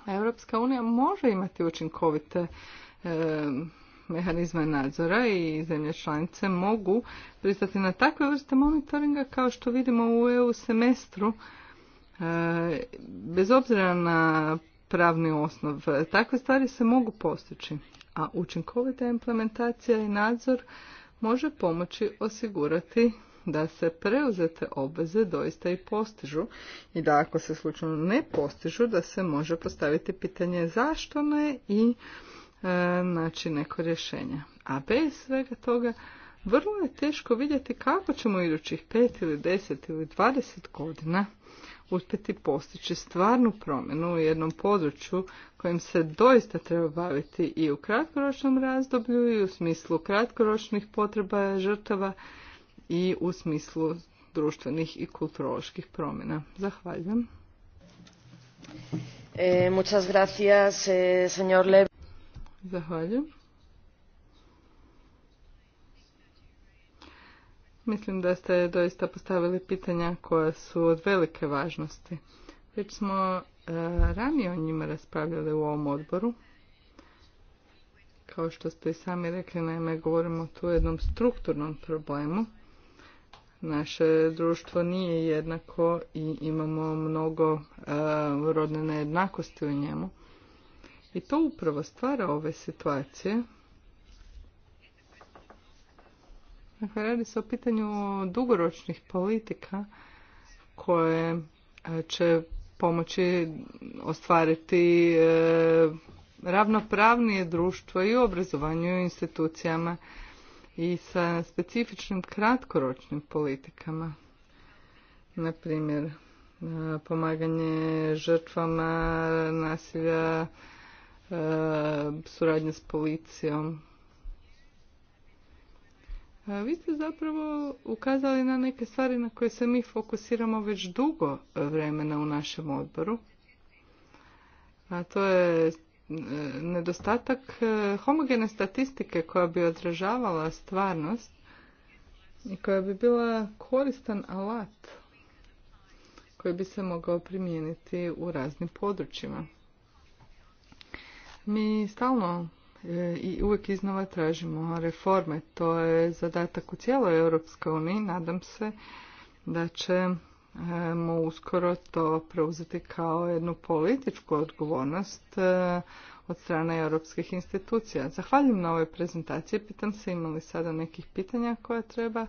A Europska unija može imati učinkovite E, mehanizma nadzora i zemlje članice mogu pristati na takve vrste monitoringa kao što vidimo u EU semestru e, bez obzira na pravni osnov. Takve stvari se mogu postići, a učinkovita implementacija i nadzor može pomoći osigurati da se preuzete obveze doista i postižu i da ako se slučajno ne postižu da se može postaviti pitanje zašto ne i E, naći neko rješenje. A bez svega toga vrlo je teško vidjeti kako ćemo idućih 5 ili 10 ili 20 godina uspjeti postići stvarnu promjenu u jednom području kojim se doista treba baviti i u kratkoročnom razdoblju i u smislu kratkoročnih potreba žrtava i u smislu društvenih i kulturoloških promjena. Zahvaljujem. E, muchas eh, Zahvaljujem. Mislim da ste doista postavili pitanja koja su od velike važnosti. Već smo e, ranije o njima raspravljali u ovom odboru. Kao što ste i sami rekli, naime, govorimo tu jednom strukturnom problemu. Naše društvo nije jednako i imamo mnogo e, rodne nejednakosti u njemu. I to upravo stvara ove situacije. Dakle, radi se o pitanju dugoročnih politika koje e, će pomoći ostvariti e, ravnopravnije društvo i u obrazovanju i u institucijama i sa specifičnim kratkoročnim politikama. Na primjer, e, pomaganje žrtvama nasilja E, suradnje s policijom. E, vi ste zapravo ukazali na neke stvari na koje se mi fokusiramo već dugo vremena u našem odboru. A to je e, nedostatak homogene statistike koja bi odražavala stvarnost i koja bi bila koristan alat koji bi se mogao primijeniti u raznim područjima. Mi stalno e, i uvijek iznova tražimo reforme. To je zadatak u cijeloj Europskoj uniji. Nadam se da ćemo uskoro to preuzeti kao jednu političku odgovornost e, od strane europskih institucija. Zahvaljujem na ovoj prezentaciji. Pitam se ima li sada nekih pitanja koja treba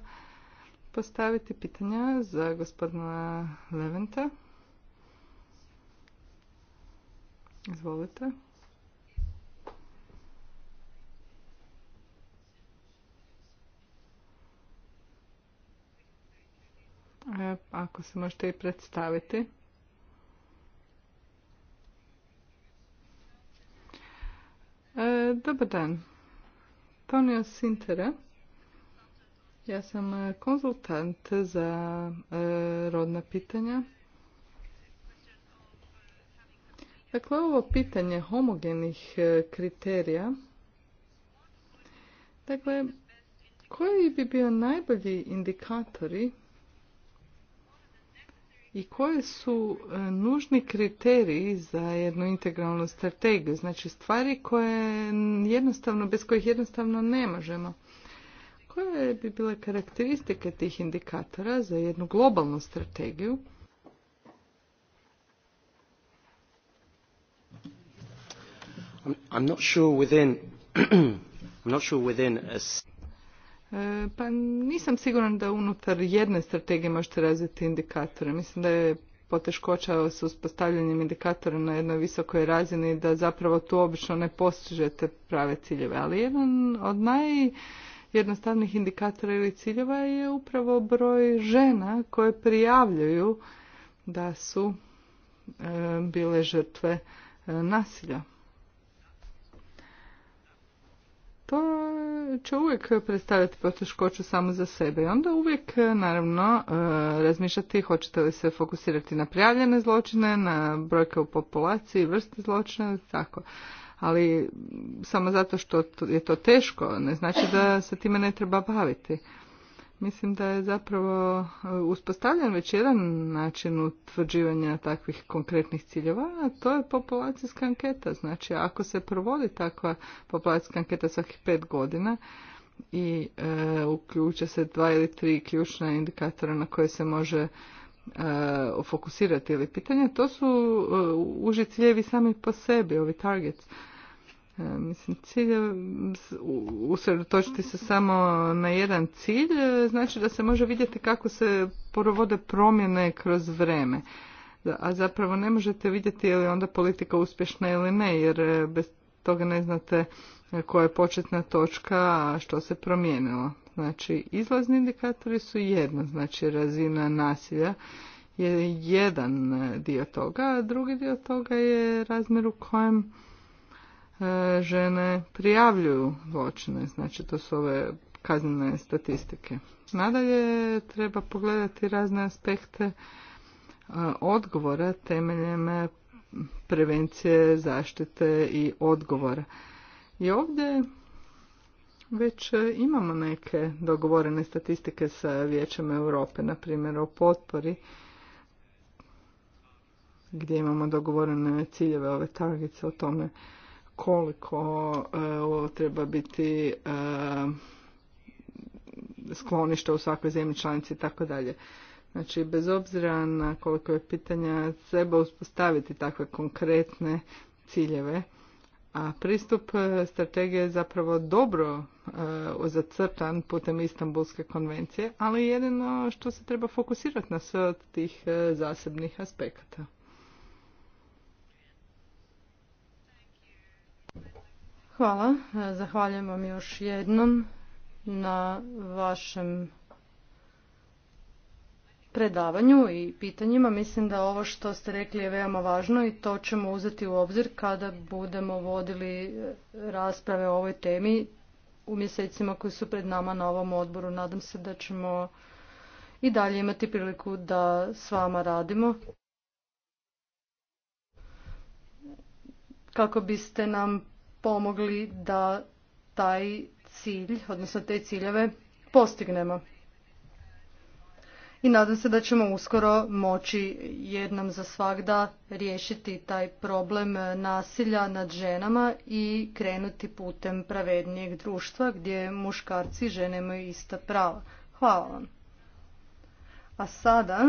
postaviti. Pitanja za gospodina Leventa. Izvolite. E, ako se možete i predstaviti. E, dobar dan. Tonio Sintera. Ja sam e, konzultant za rodna pitanja. Dakle, ovo pitanje homogenih kriterija. Dakle, koji bi bio najbolji indikatori i koji su e, nužni kriteriji za jednu integralnu strategiju, znači stvari koje jednostavno, bez kojih jednostavno ne možemo. Koje bi bile karakteristike tih indikatora za jednu globalnu strategiju? I'm not sure within, I'm not sure within a E, pa nisam siguran da unutar jedne strategije možete razviti indikatore. Mislim da je poteškoća s uspostavljanjem indikatora na jednoj visokoj razini da zapravo tu obično ne postižete prave ciljeve. Ali jedan od najjednostavnijih indikatora ili ciljeva je upravo broj žena koje prijavljuju da su e, bile žrtve e, nasilja. to će uvijek predstavljati poteškoću samo za sebe i onda uvijek naravno e, razmišljati hoćete li se fokusirati na prijavljene zločine, na brojke u populaciji, vrste zločina, tako. Ali samo zato što je to teško ne znači da se time ne treba baviti. Mislim da je zapravo e, uspostavljen već jedan način utvrđivanja takvih konkretnih ciljeva, a to je populacijska anketa. Znači, ako se provodi takva populacijska anketa svakih pet godina i e, uključe se dva ili tri ključna indikatora na koje se može e, fokusirati ili pitanje, to su e, uži ciljevi sami po sebi, ovi targets. E, mislim, cilj usredotočiti se samo na jedan cilj e, znači da se može vidjeti kako se provode promjene kroz vreme. A zapravo ne možete vidjeti je li onda politika uspješna ili ne, jer e, bez toga ne znate koja je početna točka, a što se promijenilo. Znači, izlazni indikatori su jedna, znači razina nasilja je jedan dio toga, a drugi dio toga je razmjer u kojem E, žene prijavljuju zločine, znači to su ove kaznene statistike. Nadalje treba pogledati razne aspekte e, odgovora temeljem prevencije, zaštite i odgovora. I ovdje već imamo neke dogovorene statistike sa Vijećem Europe, na primjer o potpori, gdje imamo dogovorene ciljeve ove targice o tome koliko e, treba biti uh, e, skloništa u svakoj zemlji članici i tako dalje. Znači, bez obzira na koliko je pitanja, treba uspostaviti takve konkretne ciljeve. A pristup e, strategije je zapravo dobro uh, zacrtan putem Istanbulske konvencije, ali jedino što se treba fokusirati na sve od tih zasebnih aspekata. Hvala. E, zahvaljujem vam još jednom na vašem predavanju i pitanjima. Mislim da ovo što ste rekli je veoma važno i to ćemo uzeti u obzir kada budemo vodili e, rasprave o ovoj temi u mjesecima koji su pred nama na ovom odboru. Nadam se da ćemo i dalje imati priliku da s vama radimo. Kako biste nam pomogli da taj cilj, odnosno te ciljeve postignemo. I nadam se da ćemo uskoro moći jednom za svakda riješiti taj problem nasilja nad ženama i krenuti putem pravednijeg društva gdje muškarci i žene imaju ista prava. Hvala vam. A sada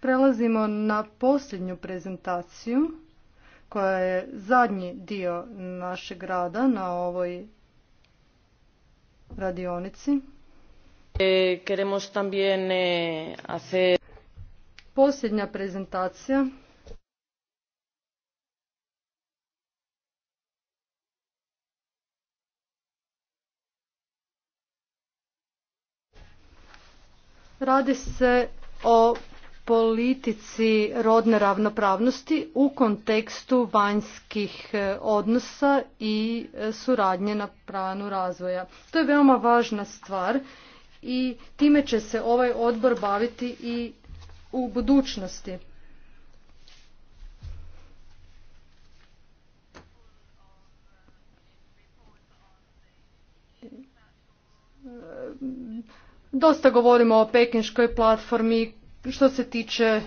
prelazimo na posljednju prezentaciju koja je zadnji dio našeg rada na ovoj radionici. E, queremos también e, Posljednja prezentacija. Radi se o politici rodne ravnopravnosti u kontekstu vanjskih e, odnosa i e, suradnje na pranu razvoja. To je veoma važna stvar i time će se ovaj odbor baviti i u budućnosti. E, dosta govorimo o pekinškoj platformi što se tiče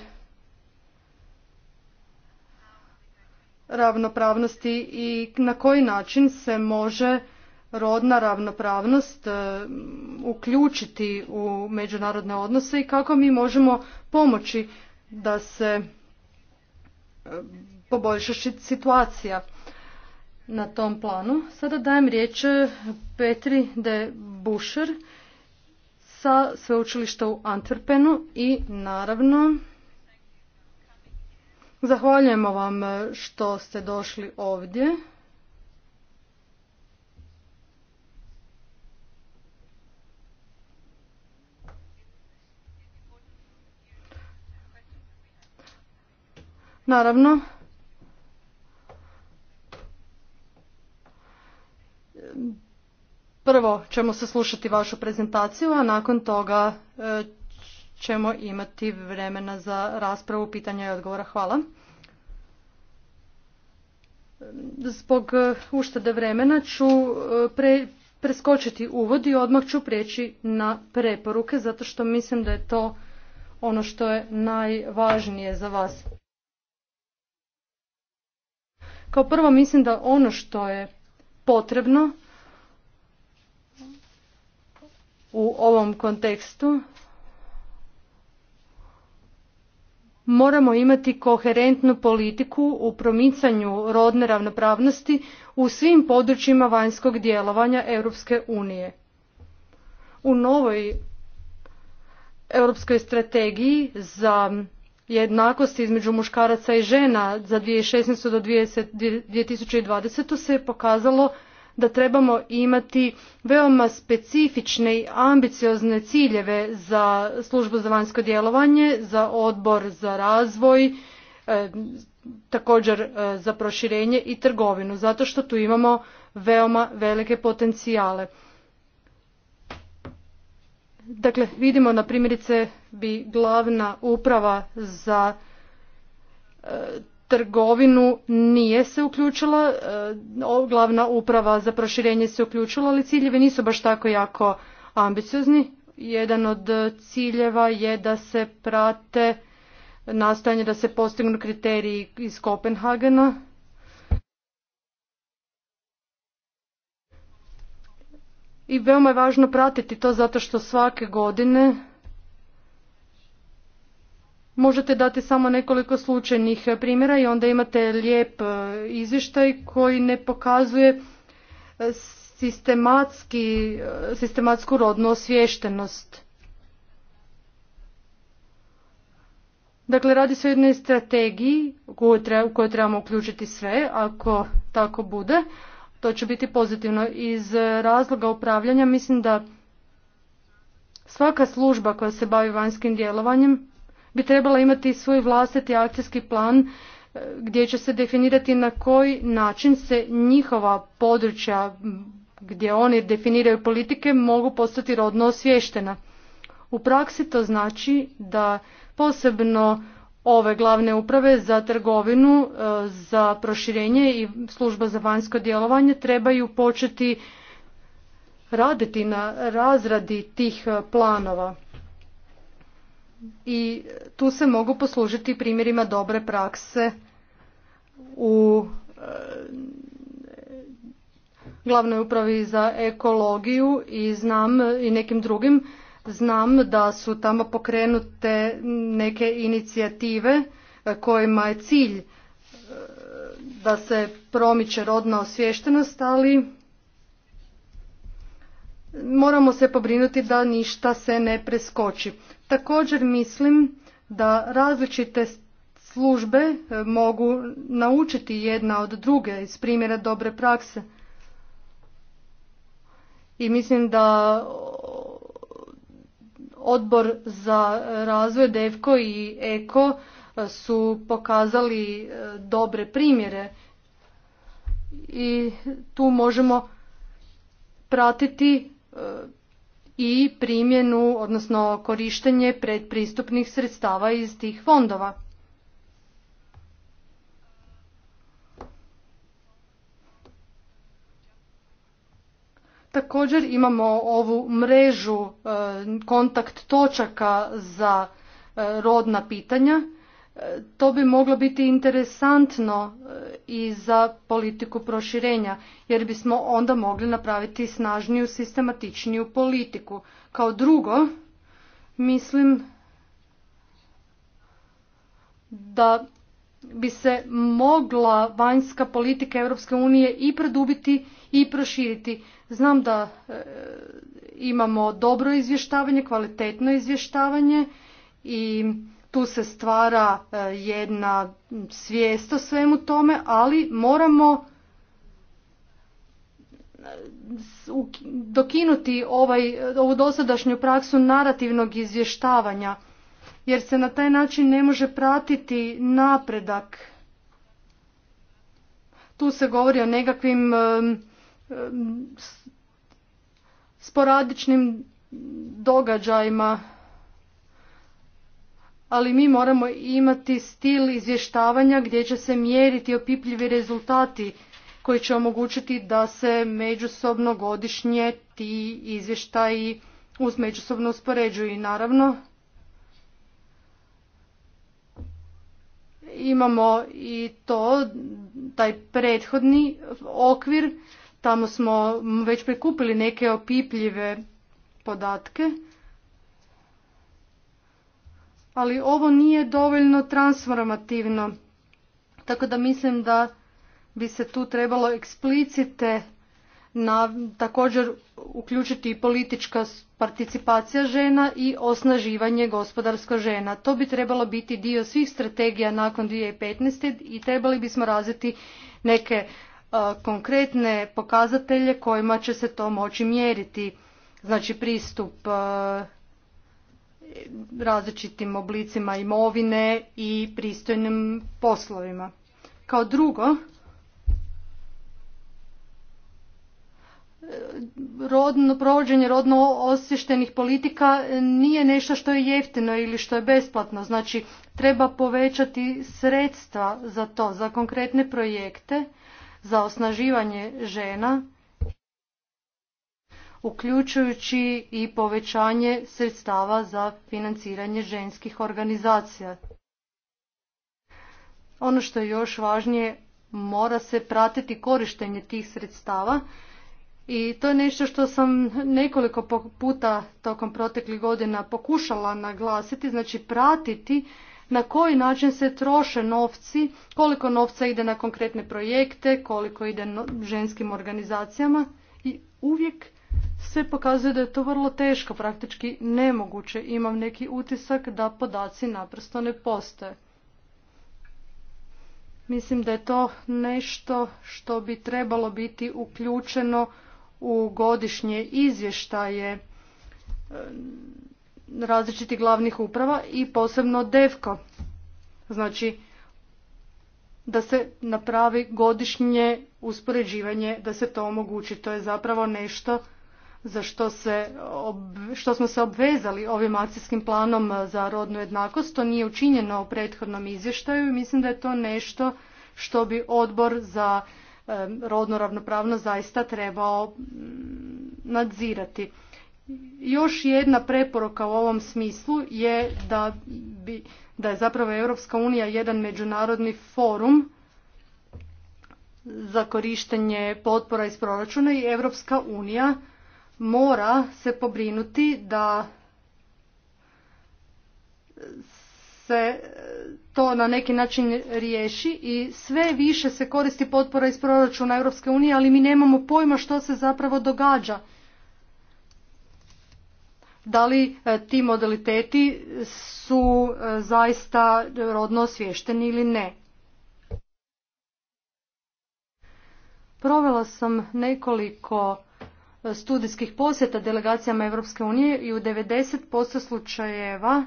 ravnopravnosti i na koji način se može rodna ravnopravnost e, uključiti u međunarodne odnose i kako mi možemo pomoći da se e, poboljša situacija na tom planu. Sada dajem riječ Petri de busher sa sveučilišta u Antwerpenu i naravno zahvaljujemo vam e, što ste došli ovdje. Naravno, Prvo ćemo se slušati vašu prezentaciju, a nakon toga e, ćemo imati vremena za raspravu, pitanja i odgovora. Hvala. Zbog e, uštede vremena ću e, preskočiti uvod i odmah ću prijeći na preporuke, zato što mislim da je to ono što je najvažnije za vas. Kao prvo mislim da ono što je potrebno u ovom kontekstu moramo imati koherentnu politiku u promicanju rodne ravnopravnosti u svim područjima vanjskog djelovanja Europske unije. U novoj europskoj strategiji za jednakost između muškaraca i žena za 2016. do 2020. se je pokazalo da trebamo imati veoma specifične i ambiciozne ciljeve za službu za vanjsko djelovanje, za odbor za razvoj, e, također e, za proširenje i trgovinu, zato što tu imamo veoma velike potencijale. Dakle, vidimo na primjerice bi glavna uprava za e, trgovinu nije se uključila, e, glavna uprava za proširenje se uključila, ali ciljevi nisu baš tako jako ambiciozni. Jedan od e, ciljeva je da se prate nastojanje da se postignu kriteriji iz Kopenhagena. I veoma je važno pratiti to zato što svake godine Možete dati samo nekoliko slučajnih primjera i onda imate lijep e, izvještaj koji ne pokazuje e, sistematski, e, sistematsku rodnu osviještenost. Dakle, radi se o jednoj strategiji u kojoj trebamo uključiti sve, ako tako bude. To će biti pozitivno. Iz razloga upravljanja mislim da svaka služba koja se bavi vanjskim djelovanjem bi trebala imati svoj vlastiti akcijski plan e, gdje će se definirati na koji način se njihova područja gdje oni definiraju politike mogu postati rodno osvještena. U praksi to znači da posebno ove glavne uprave za trgovinu, e, za proširenje i služba za vanjsko djelovanje trebaju početi raditi na razradi tih e, planova i tu se mogu poslužiti primjerima dobre prakse u e, glavnoj upravi za ekologiju i znam i nekim drugim znam da su tamo pokrenute neke inicijative e, kojima je cilj e, da se promiče rodna osviještenost, ali moramo se pobrinuti da ništa se ne preskoči. Također mislim da različite službe e, mogu naučiti jedna od druge iz primjera dobre prakse. I mislim da odbor za razvoj DEVKO i EKO e, su pokazali e, dobre primjere i tu možemo pratiti i primjenu, odnosno korištenje predpristupnih sredstava iz tih fondova. Također imamo ovu mrežu e, kontakt točaka za e, rodna pitanja to bi moglo biti interesantno e, i za politiku proširenja jer bismo onda mogli napraviti snažniju sistematičniju politiku kao drugo mislim da bi se mogla vanjska politika Europske unije i produbiti i proširiti. Znam da e, imamo dobro izvještavanje, kvalitetno izvještavanje i tu se stvara e, jedna svijest o svemu tome, ali moramo e, dokinuti ovaj, ovu dosadašnju praksu narativnog izvještavanja, jer se na taj način ne može pratiti napredak. Tu se govori o nekakvim e, sporadičnim događajima ali mi moramo imati stil izvještavanja gdje će se mjeriti opipljivi rezultati koji će omogućiti da se međusobno godišnje ti izvještaji uz međusobno uspoređuju i naravno imamo i to taj prethodni okvir tamo smo već prikupili neke opipljive podatke ali ovo nije dovoljno transformativno. Tako da mislim da bi se tu trebalo eksplicite na, također uključiti i politička participacija žena i osnaživanje gospodarsko žena. To bi trebalo biti dio svih strategija nakon 2015. i trebali bismo razviti neke e, konkretne pokazatelje kojima će se to moći mjeriti. Znači pristup e, različitim oblicima imovine i pristojnim poslovima. Kao drugo, rodno, provođenje rodno osještenih politika nije nešto što je jeftino ili što je besplatno. Znači, treba povećati sredstva za to, za konkretne projekte, za osnaživanje žena uključujući i povećanje sredstava za financiranje ženskih organizacija. Ono što je još važnije, mora se pratiti korištenje tih sredstava i to je nešto što sam nekoliko puta tokom proteklih godina pokušala naglasiti, znači pratiti na koji način se troše novci, koliko novca ide na konkretne projekte, koliko ide ženskim organizacijama i uvijek sve pokazuje da je to vrlo teško, praktički nemoguće. Imam neki utisak da podaci naprosto ne postoje. Mislim da je to nešto što bi trebalo biti uključeno u godišnje izvještaje e, različitih glavnih uprava i posebno DEVKO. Znači, da se napravi godišnje uspoređivanje, da se to omogući. To je zapravo nešto za što, se, što smo se obvezali ovim akcijskim planom eh, za rodnu jednakost. To nije učinjeno u prethodnom izvještaju i mislim da je to nešto što bi odbor za eh, rodnu ravnopravnost zaista trebao mm, nadzirati. Još jedna preporuka u ovom smislu je da, bi, da je zapravo Europska unija jedan međunarodni forum za korištenje potpora iz proračuna i Europska unija mora se pobrinuti da se to na neki način riješi i sve više se koristi potpora iz proračuna Europske unije, ali mi nemamo pojma što se zapravo događa. Da li e, ti modaliteti su e, zaista rodno osvješteni ili ne? Provela sam nekoliko studijskih posjeta delegacijama Europske unije i u 90% slučajeva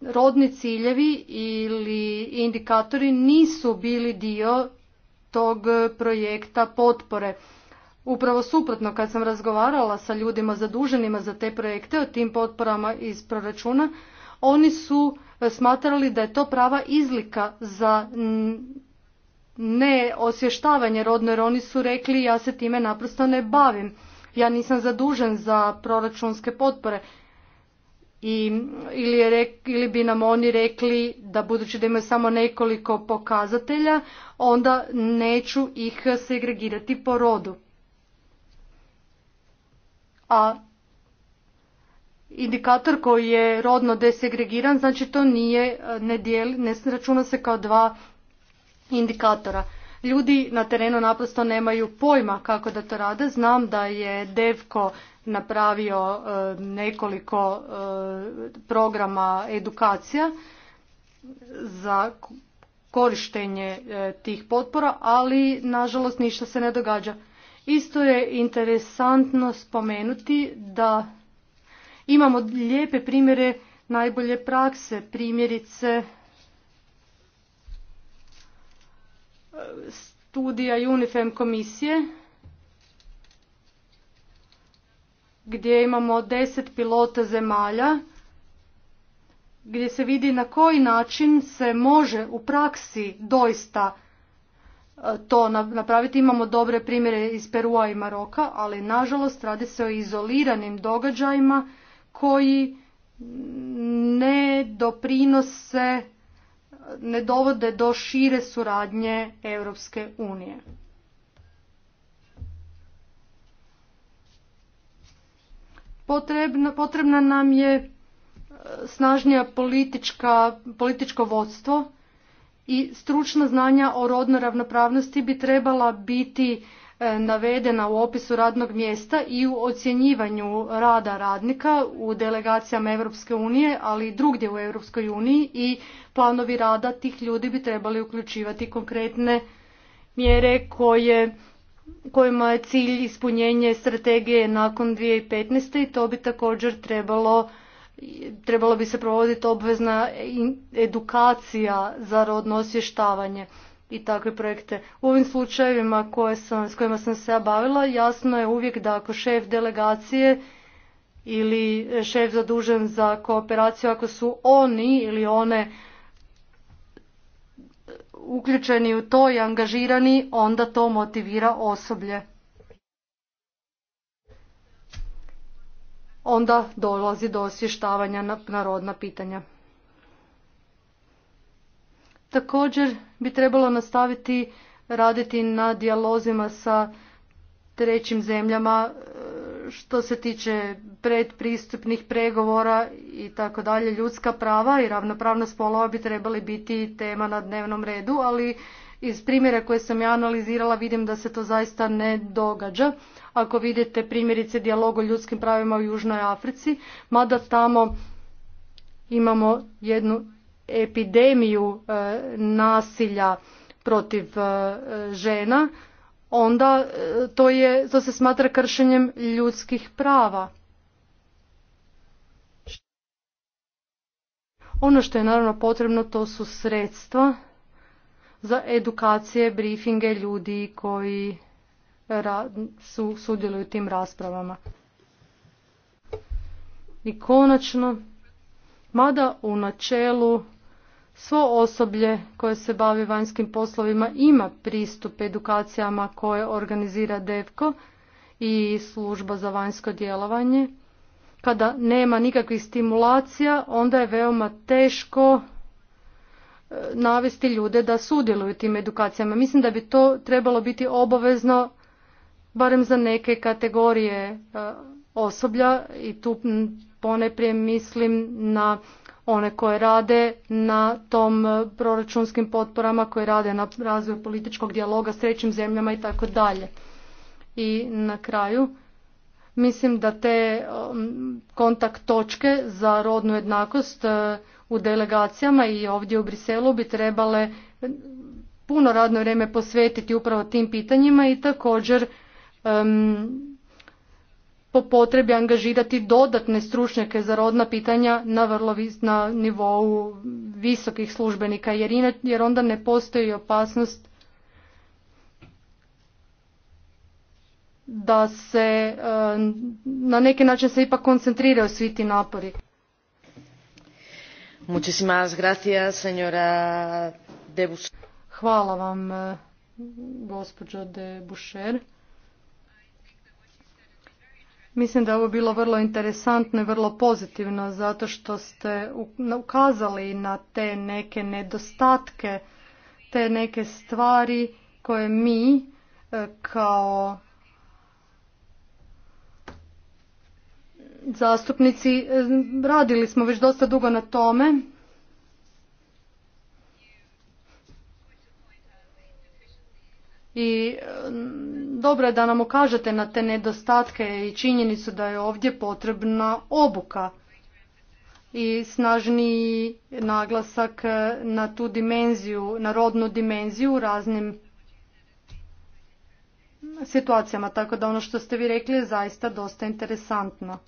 rodni ciljevi ili indikatori nisu bili dio tog projekta potpore. Upravo suprotno, kad sam razgovarala sa ljudima zaduženima za te projekte o tim potporama iz proračuna, oni su smatrali da je to prava izlika za ne osvještavanje rodno jer oni su rekli ja se time naprosto ne bavim. Ja nisam zadužen za proračunske potpore. I, ili, je ili bi nam oni rekli da budući da imaju samo nekoliko pokazatelja, onda neću ih segregirati po rodu. A indikator koji je rodno desegregiran, znači to nije, ne, ne računa se kao dva indikatora. Ljudi na terenu naprosto nemaju pojma kako da to rade. Znam da je Devko napravio e, nekoliko e, programa edukacija za korištenje e, tih potpora, ali nažalost ništa se ne događa. Isto je interesantno spomenuti da imamo lijepe primjere najbolje prakse, primjerice studija UNIFEM komisije gdje imamo deset pilota zemalja gdje se vidi na koji način se može u praksi doista e, to napraviti. Imamo dobre primjere iz Perua i Maroka, ali nažalost radi se o izoliranim događajima koji ne doprinose ne dovode do šire suradnje Europske unije. Potrebna, potrebna nam je e, snažnija politička, političko vodstvo i stručna znanja o rodnoj ravnopravnosti bi trebala biti E, navedena u opisu radnog mjesta i u ocjenjivanju rada radnika u delegacijama Europske unije, ali i drugdje u Europskoj uniji i planovi rada tih ljudi bi trebali uključivati konkretne mjere koje kojima je cilj ispunjenje strategije nakon 2015. i to bi također trebalo trebalo bi se provoditi obvezna edukacija za rodno osvještavanje i takve projekte. U ovim slučajevima koje s kojima sam se bavila jasno je uvijek da ako šef delegacije ili šef zadužen za kooperaciju, ako su oni ili one uključeni u to i angažirani, onda to motivira osoblje. Onda dolazi do osvještavanja na narodna pitanja. Također bi trebalo nastaviti raditi na dijalozima sa trećim zemljama e, što se tiče predpristupnih pregovora i tako dalje, ljudska prava i ravnopravna spolova bi trebali biti tema na dnevnom redu, ali iz primjera koje sam ja analizirala vidim da se to zaista ne događa. Ako vidite primjerice dijalog o ljudskim pravima u Južnoj Africi, mada tamo imamo jednu epidemiju e, nasilja protiv e, žena, onda e, to, je, to se smatra kršenjem ljudskih prava. Ono što je naravno potrebno to su sredstva za edukacije, briefinge ljudi koji su, sudjeluju tim raspravama. I konačno, mada u načelu svo osoblje koje se bavi vanjskim poslovima ima pristup edukacijama koje organizira DEVKO i služba za vanjsko djelovanje. Kada nema nikakvih stimulacija, onda je veoma teško e, navesti ljude da sudjeluju tim edukacijama. Mislim da bi to trebalo biti obavezno barem za neke kategorije e, osoblja i tu ponajprije mislim na one koje rade na tom e, proračunskim potporama, koje rade na razvoju političkog dijaloga s trećim zemljama i tako dalje. I na kraju mislim da te e, kontakt točke za rodnu jednakost e, u delegacijama i ovdje u Briselu bi trebale puno radno vrijeme posvetiti upravo tim pitanjima i također po potrebi angažirati dodatne stručnjake za rodna pitanja na vrlo na nivou visokih službenika jer, jer onda ne postoji opasnost da se eh, na neki način se ipak koncentriraju svi ti napori. Muchísimas gracias, señora Hvala vam, eh, gospođo de Boucher. Mislim da je ovo bilo vrlo interesantno i vrlo pozitivno zato što ste ukazali na te neke nedostatke, te neke stvari koje mi e, kao zastupnici e, radili smo već dosta dugo na tome. I dobro je da nam ukažete na te nedostatke i činjenicu da je ovdje potrebna obuka i snažni naglasak na tu dimenziju, na rodnu dimenziju u raznim situacijama. Tako da ono što ste vi rekli je zaista dosta interesantno.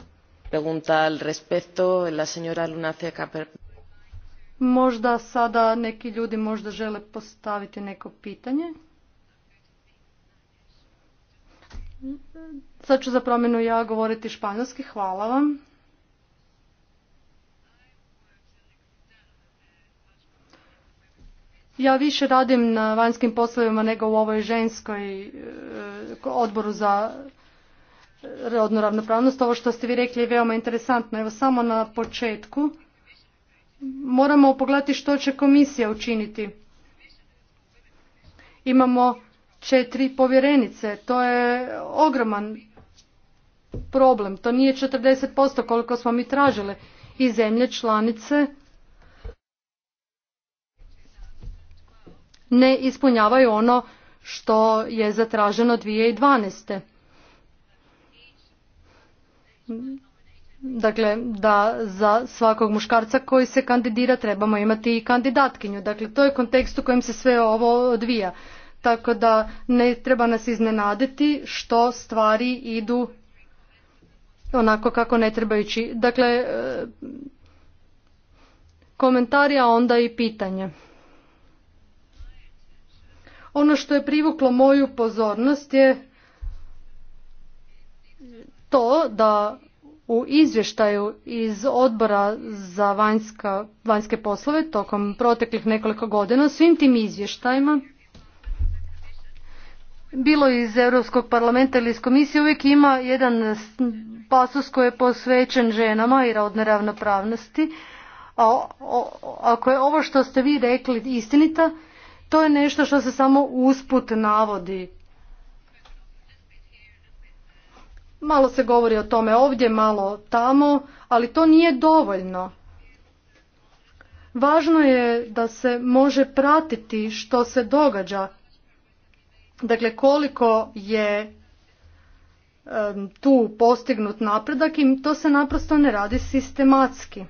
Možda sada neki ljudi možda žele postaviti neko pitanje. Sad ću za promjenu ja govoriti španjolski. Hvala vam. Ja više radim na vanjskim poslovima nego u ovoj ženskoj e, odboru za e, rodnu ravnopravnost. Ovo što ste vi rekli je veoma interesantno. Evo samo na početku moramo pogledati što će komisija učiniti. Imamo četiri povjerenice. To je ogroman problem. To nije 40% koliko smo mi tražili i zemlje članice ne ispunjavaju ono što je zatraženo 2012. Dakle, da za svakog muškarca koji se kandidira trebamo imati i kandidatkinju. Dakle, to je kontekst u kojem se sve ovo odvija tako da ne treba nas iznenaditi što stvari idu onako kako ne trebajući. ići. Dakle, e, komentari, a onda i pitanje. Ono što je privuklo moju pozornost je to da u izvještaju iz odbora za vanjske poslove tokom proteklih nekoliko godina, svim tim izvještajima, bilo iz Europskog parlamenta ili iz komisije uvijek ima jedan pasus koji je posvećen ženama i rodne ravnopravnosti. A ako je ovo što ste vi rekli istinita, to je nešto što se samo usput navodi. Malo se govori o tome ovdje, malo tamo, ali to nije dovoljno. Važno je da se može pratiti što se događa Dakle, koliko je tu postignut napredak i to se naprosto ne radi sistematski.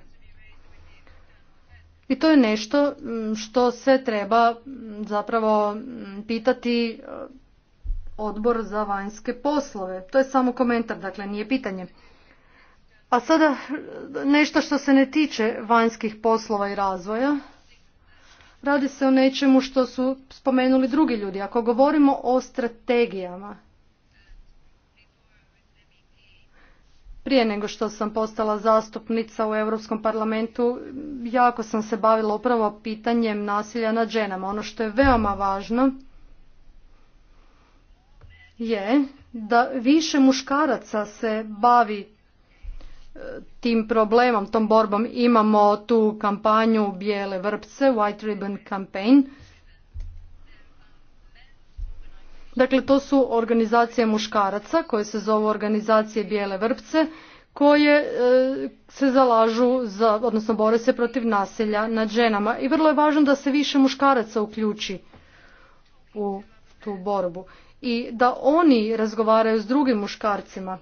I to je nešto što se treba zapravo pitati e, odbor za vanjske poslove. To je samo komentar, dakle nije pitanje. A sada e, nešto što se ne tiče vanjskih poslova i razvoja. Radi se o nečemu što su spomenuli drugi ljudi. Ako govorimo o strategijama, prije nego što sam postala zastupnica u Europskom parlamentu, jako sam se bavila upravo pitanjem nasilja nad ženama. Ono što je veoma važno je da više muškaraca se bavi tim problemom, tom borbom imamo tu kampanju bijele vrpce, White Ribbon Campaign. Dakle, to su organizacije muškaraca koje se zovu organizacije bijele vrpce koje e, se zalažu za, odnosno bore se protiv nasilja nad ženama. I vrlo je važno da se više muškaraca uključi u tu borbu i da oni razgovaraju s drugim muškarcima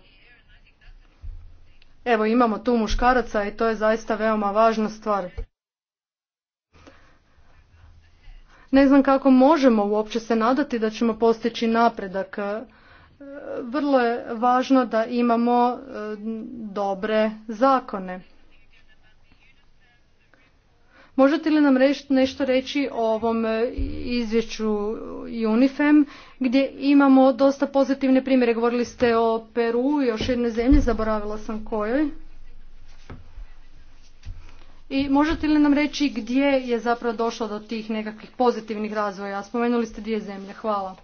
Evo imamo tu muškaraca i to je zaista veoma važna stvar. Ne znam kako možemo uopće se nadati da ćemo postići napredak. E, vrlo je važno da imamo e, dobre zakone. Možete li nam nešto reći o ovom e, izvješću UNIFEM gdje imamo dosta pozitivne primjere. Govorili ste o Peru i još jedne zemlje, zaboravila sam kojoj. I možete li nam reći gdje je zapravo došlo do tih nekakvih pozitivnih razvoja? Spomenuli ste dvije zemlje. Hvala.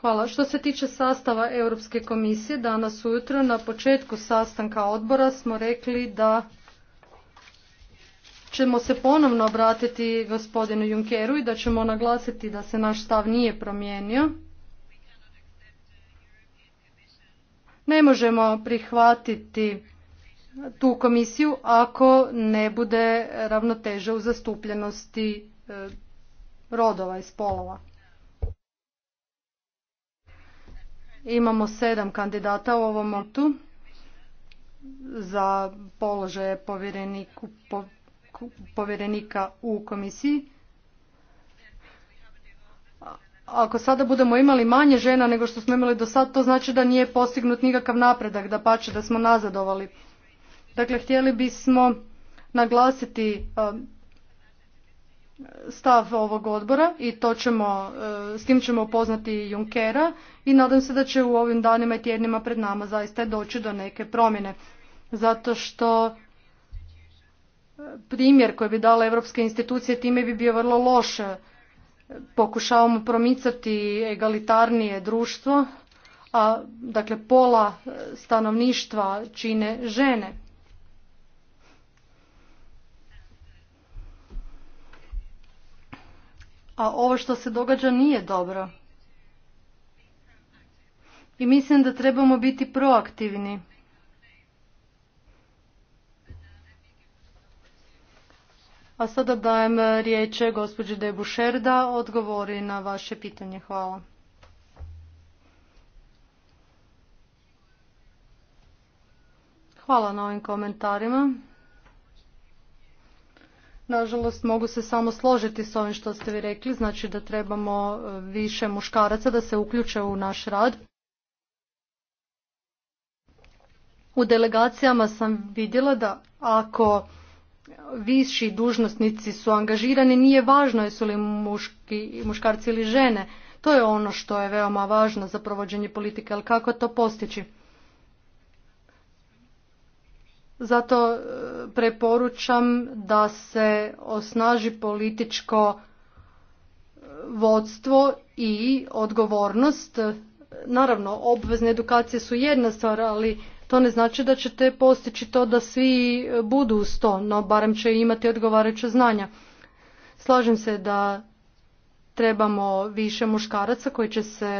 Hvala. Što se tiče sastava Europske komisije, danas ujutro na početku sastanka odbora smo rekli da ćemo se ponovno obratiti gospodinu Junckeru i da ćemo naglasiti da se naš stav nije promijenio. Ne možemo prihvatiti tu komisiju ako ne bude ravnoteža u zastupljenosti e, rodova i spolova. Imamo sedam kandidata u ovom momentu za položaje povjerenika u komisiji. Ako sada budemo imali manje žena nego što smo imali do sad, to znači da nije postignut nikakav napredak, da pače da smo nazadovali. Dakle, htjeli bismo naglasiti um, stav ovog odbora i to ćemo, e, s tim ćemo upoznati Junkera i nadam se da će u ovim danima i tjednima pred nama zaista doći do neke promjene. Zato što e, primjer koji bi dala europske institucije time bi bio vrlo loš. E, pokušavamo promicati egalitarnije društvo, a dakle pola stanovništva čine žene. a ovo što se događa nije dobro. I mislim da trebamo biti proaktivni. A sada dajem e, riječ gospođi Debušer da odgovori na vaše pitanje. Hvala. Hvala na ovim komentarima. Nažalost, mogu se samo složiti s ovim što ste vi rekli, znači da trebamo e, više muškaraca da se uključe u naš rad. U delegacijama sam vidjela da ako viši dužnosnici su angažirani, nije važno jesu li muški, muškarci ili žene. To je ono što je veoma važno za provođenje politike, ali kako to postići? Zato e, preporučam da se osnaži političko e, vodstvo i odgovornost. Naravno, obvezne edukacije su jedna stvar, ali to ne znači da ćete postići to da svi budu uz to, no barem će imati odgovarajuće znanja. Slažem se da trebamo više muškaraca koji će se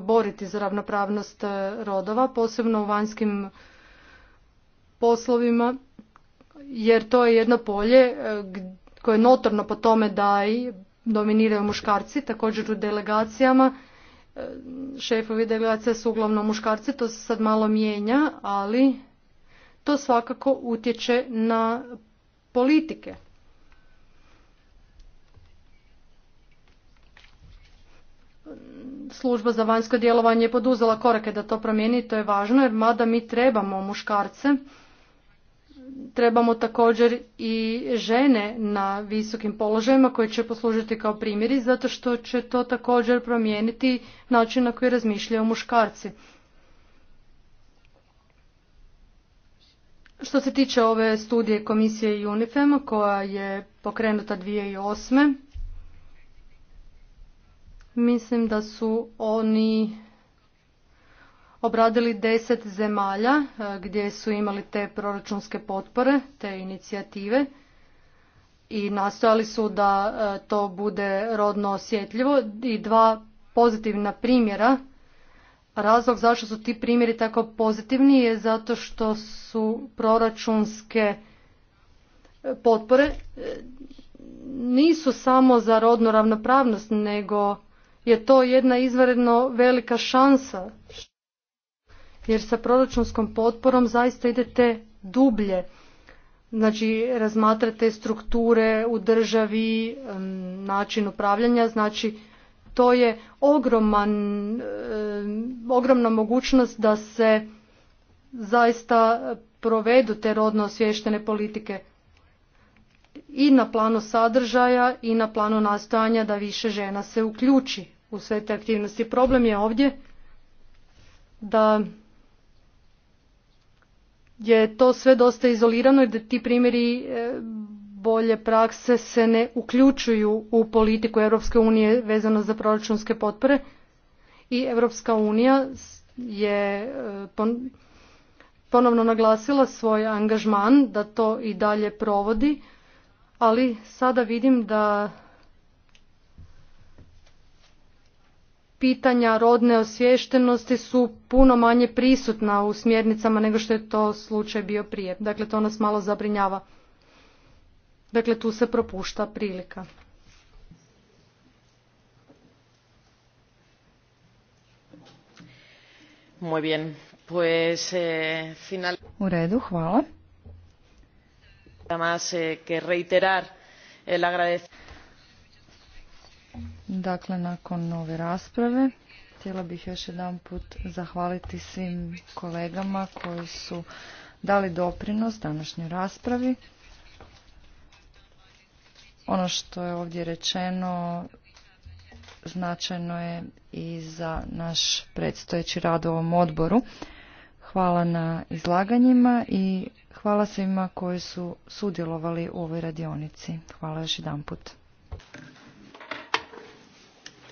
boriti za ravnopravnost e, rodova, posebno u vanjskim poslovima jer to je jedno polje e, koje je notorno po tome da i dominiraju muškarci, također u delegacijama. E, šefovi delegacija su uglavnom muškarci, to se sad malo mijenja, ali to svakako utječe na politike. Služba za vanjsko djelovanje je poduzela korake da to promijeni, to je važno jer mada mi trebamo muškarce, trebamo također i žene na visokim položajima koje će poslužiti kao primjeri zato što će to također promijeniti način na koji razmišljaju muškarci. Što se tiče ove studije komisije UNIFEM koja je pokrenuta 2008. Mislim da su oni obradili deset zemalja e, gdje su imali te proračunske potpore, te inicijative i nastojali su da e, to bude rodno osjetljivo i dva pozitivna primjera. Razlog zašto su ti primjeri tako pozitivni je zato što su proračunske e, potpore nisu samo za rodnu ravnopravnost, nego je to jedna izvanredno velika šansa jer sa proračunskom potporom zaista idete dublje. Znači, razmatrate strukture u državi, način upravljanja, znači to je ogroman, ogromna mogućnost da se zaista provedu te rodno osvještene politike i na planu sadržaja i na planu nastojanja da više žena se uključi u sve te aktivnosti. Problem je ovdje da je to sve dosta izolirano i da ti primjeri e, bolje prakse se ne uključuju u politiku Europske unije vezano za proračunske potpore i Europska unija je e, ponovno naglasila svoj angažman da to i dalje provodi, ali sada vidim da pitanja rodne osviještenosti su puno manje prisutna u smjernicama nego što je to slučaj bio prije. Dakle, to nas malo zabrinjava. Dakle, tu se propušta prilika. Muy bien. Pues, eh, U redu, hvala. Además, eh, que reiterar el agradecimiento Dakle, nakon ove rasprave htjela bih još jedan put zahvaliti svim kolegama koji su dali doprinos današnjoj raspravi. Ono što je ovdje rečeno značajno je i za naš predstojeći rad u ovom odboru. Hvala na izlaganjima i hvala svima koji su sudjelovali u ovoj radionici. Hvala još jedan put.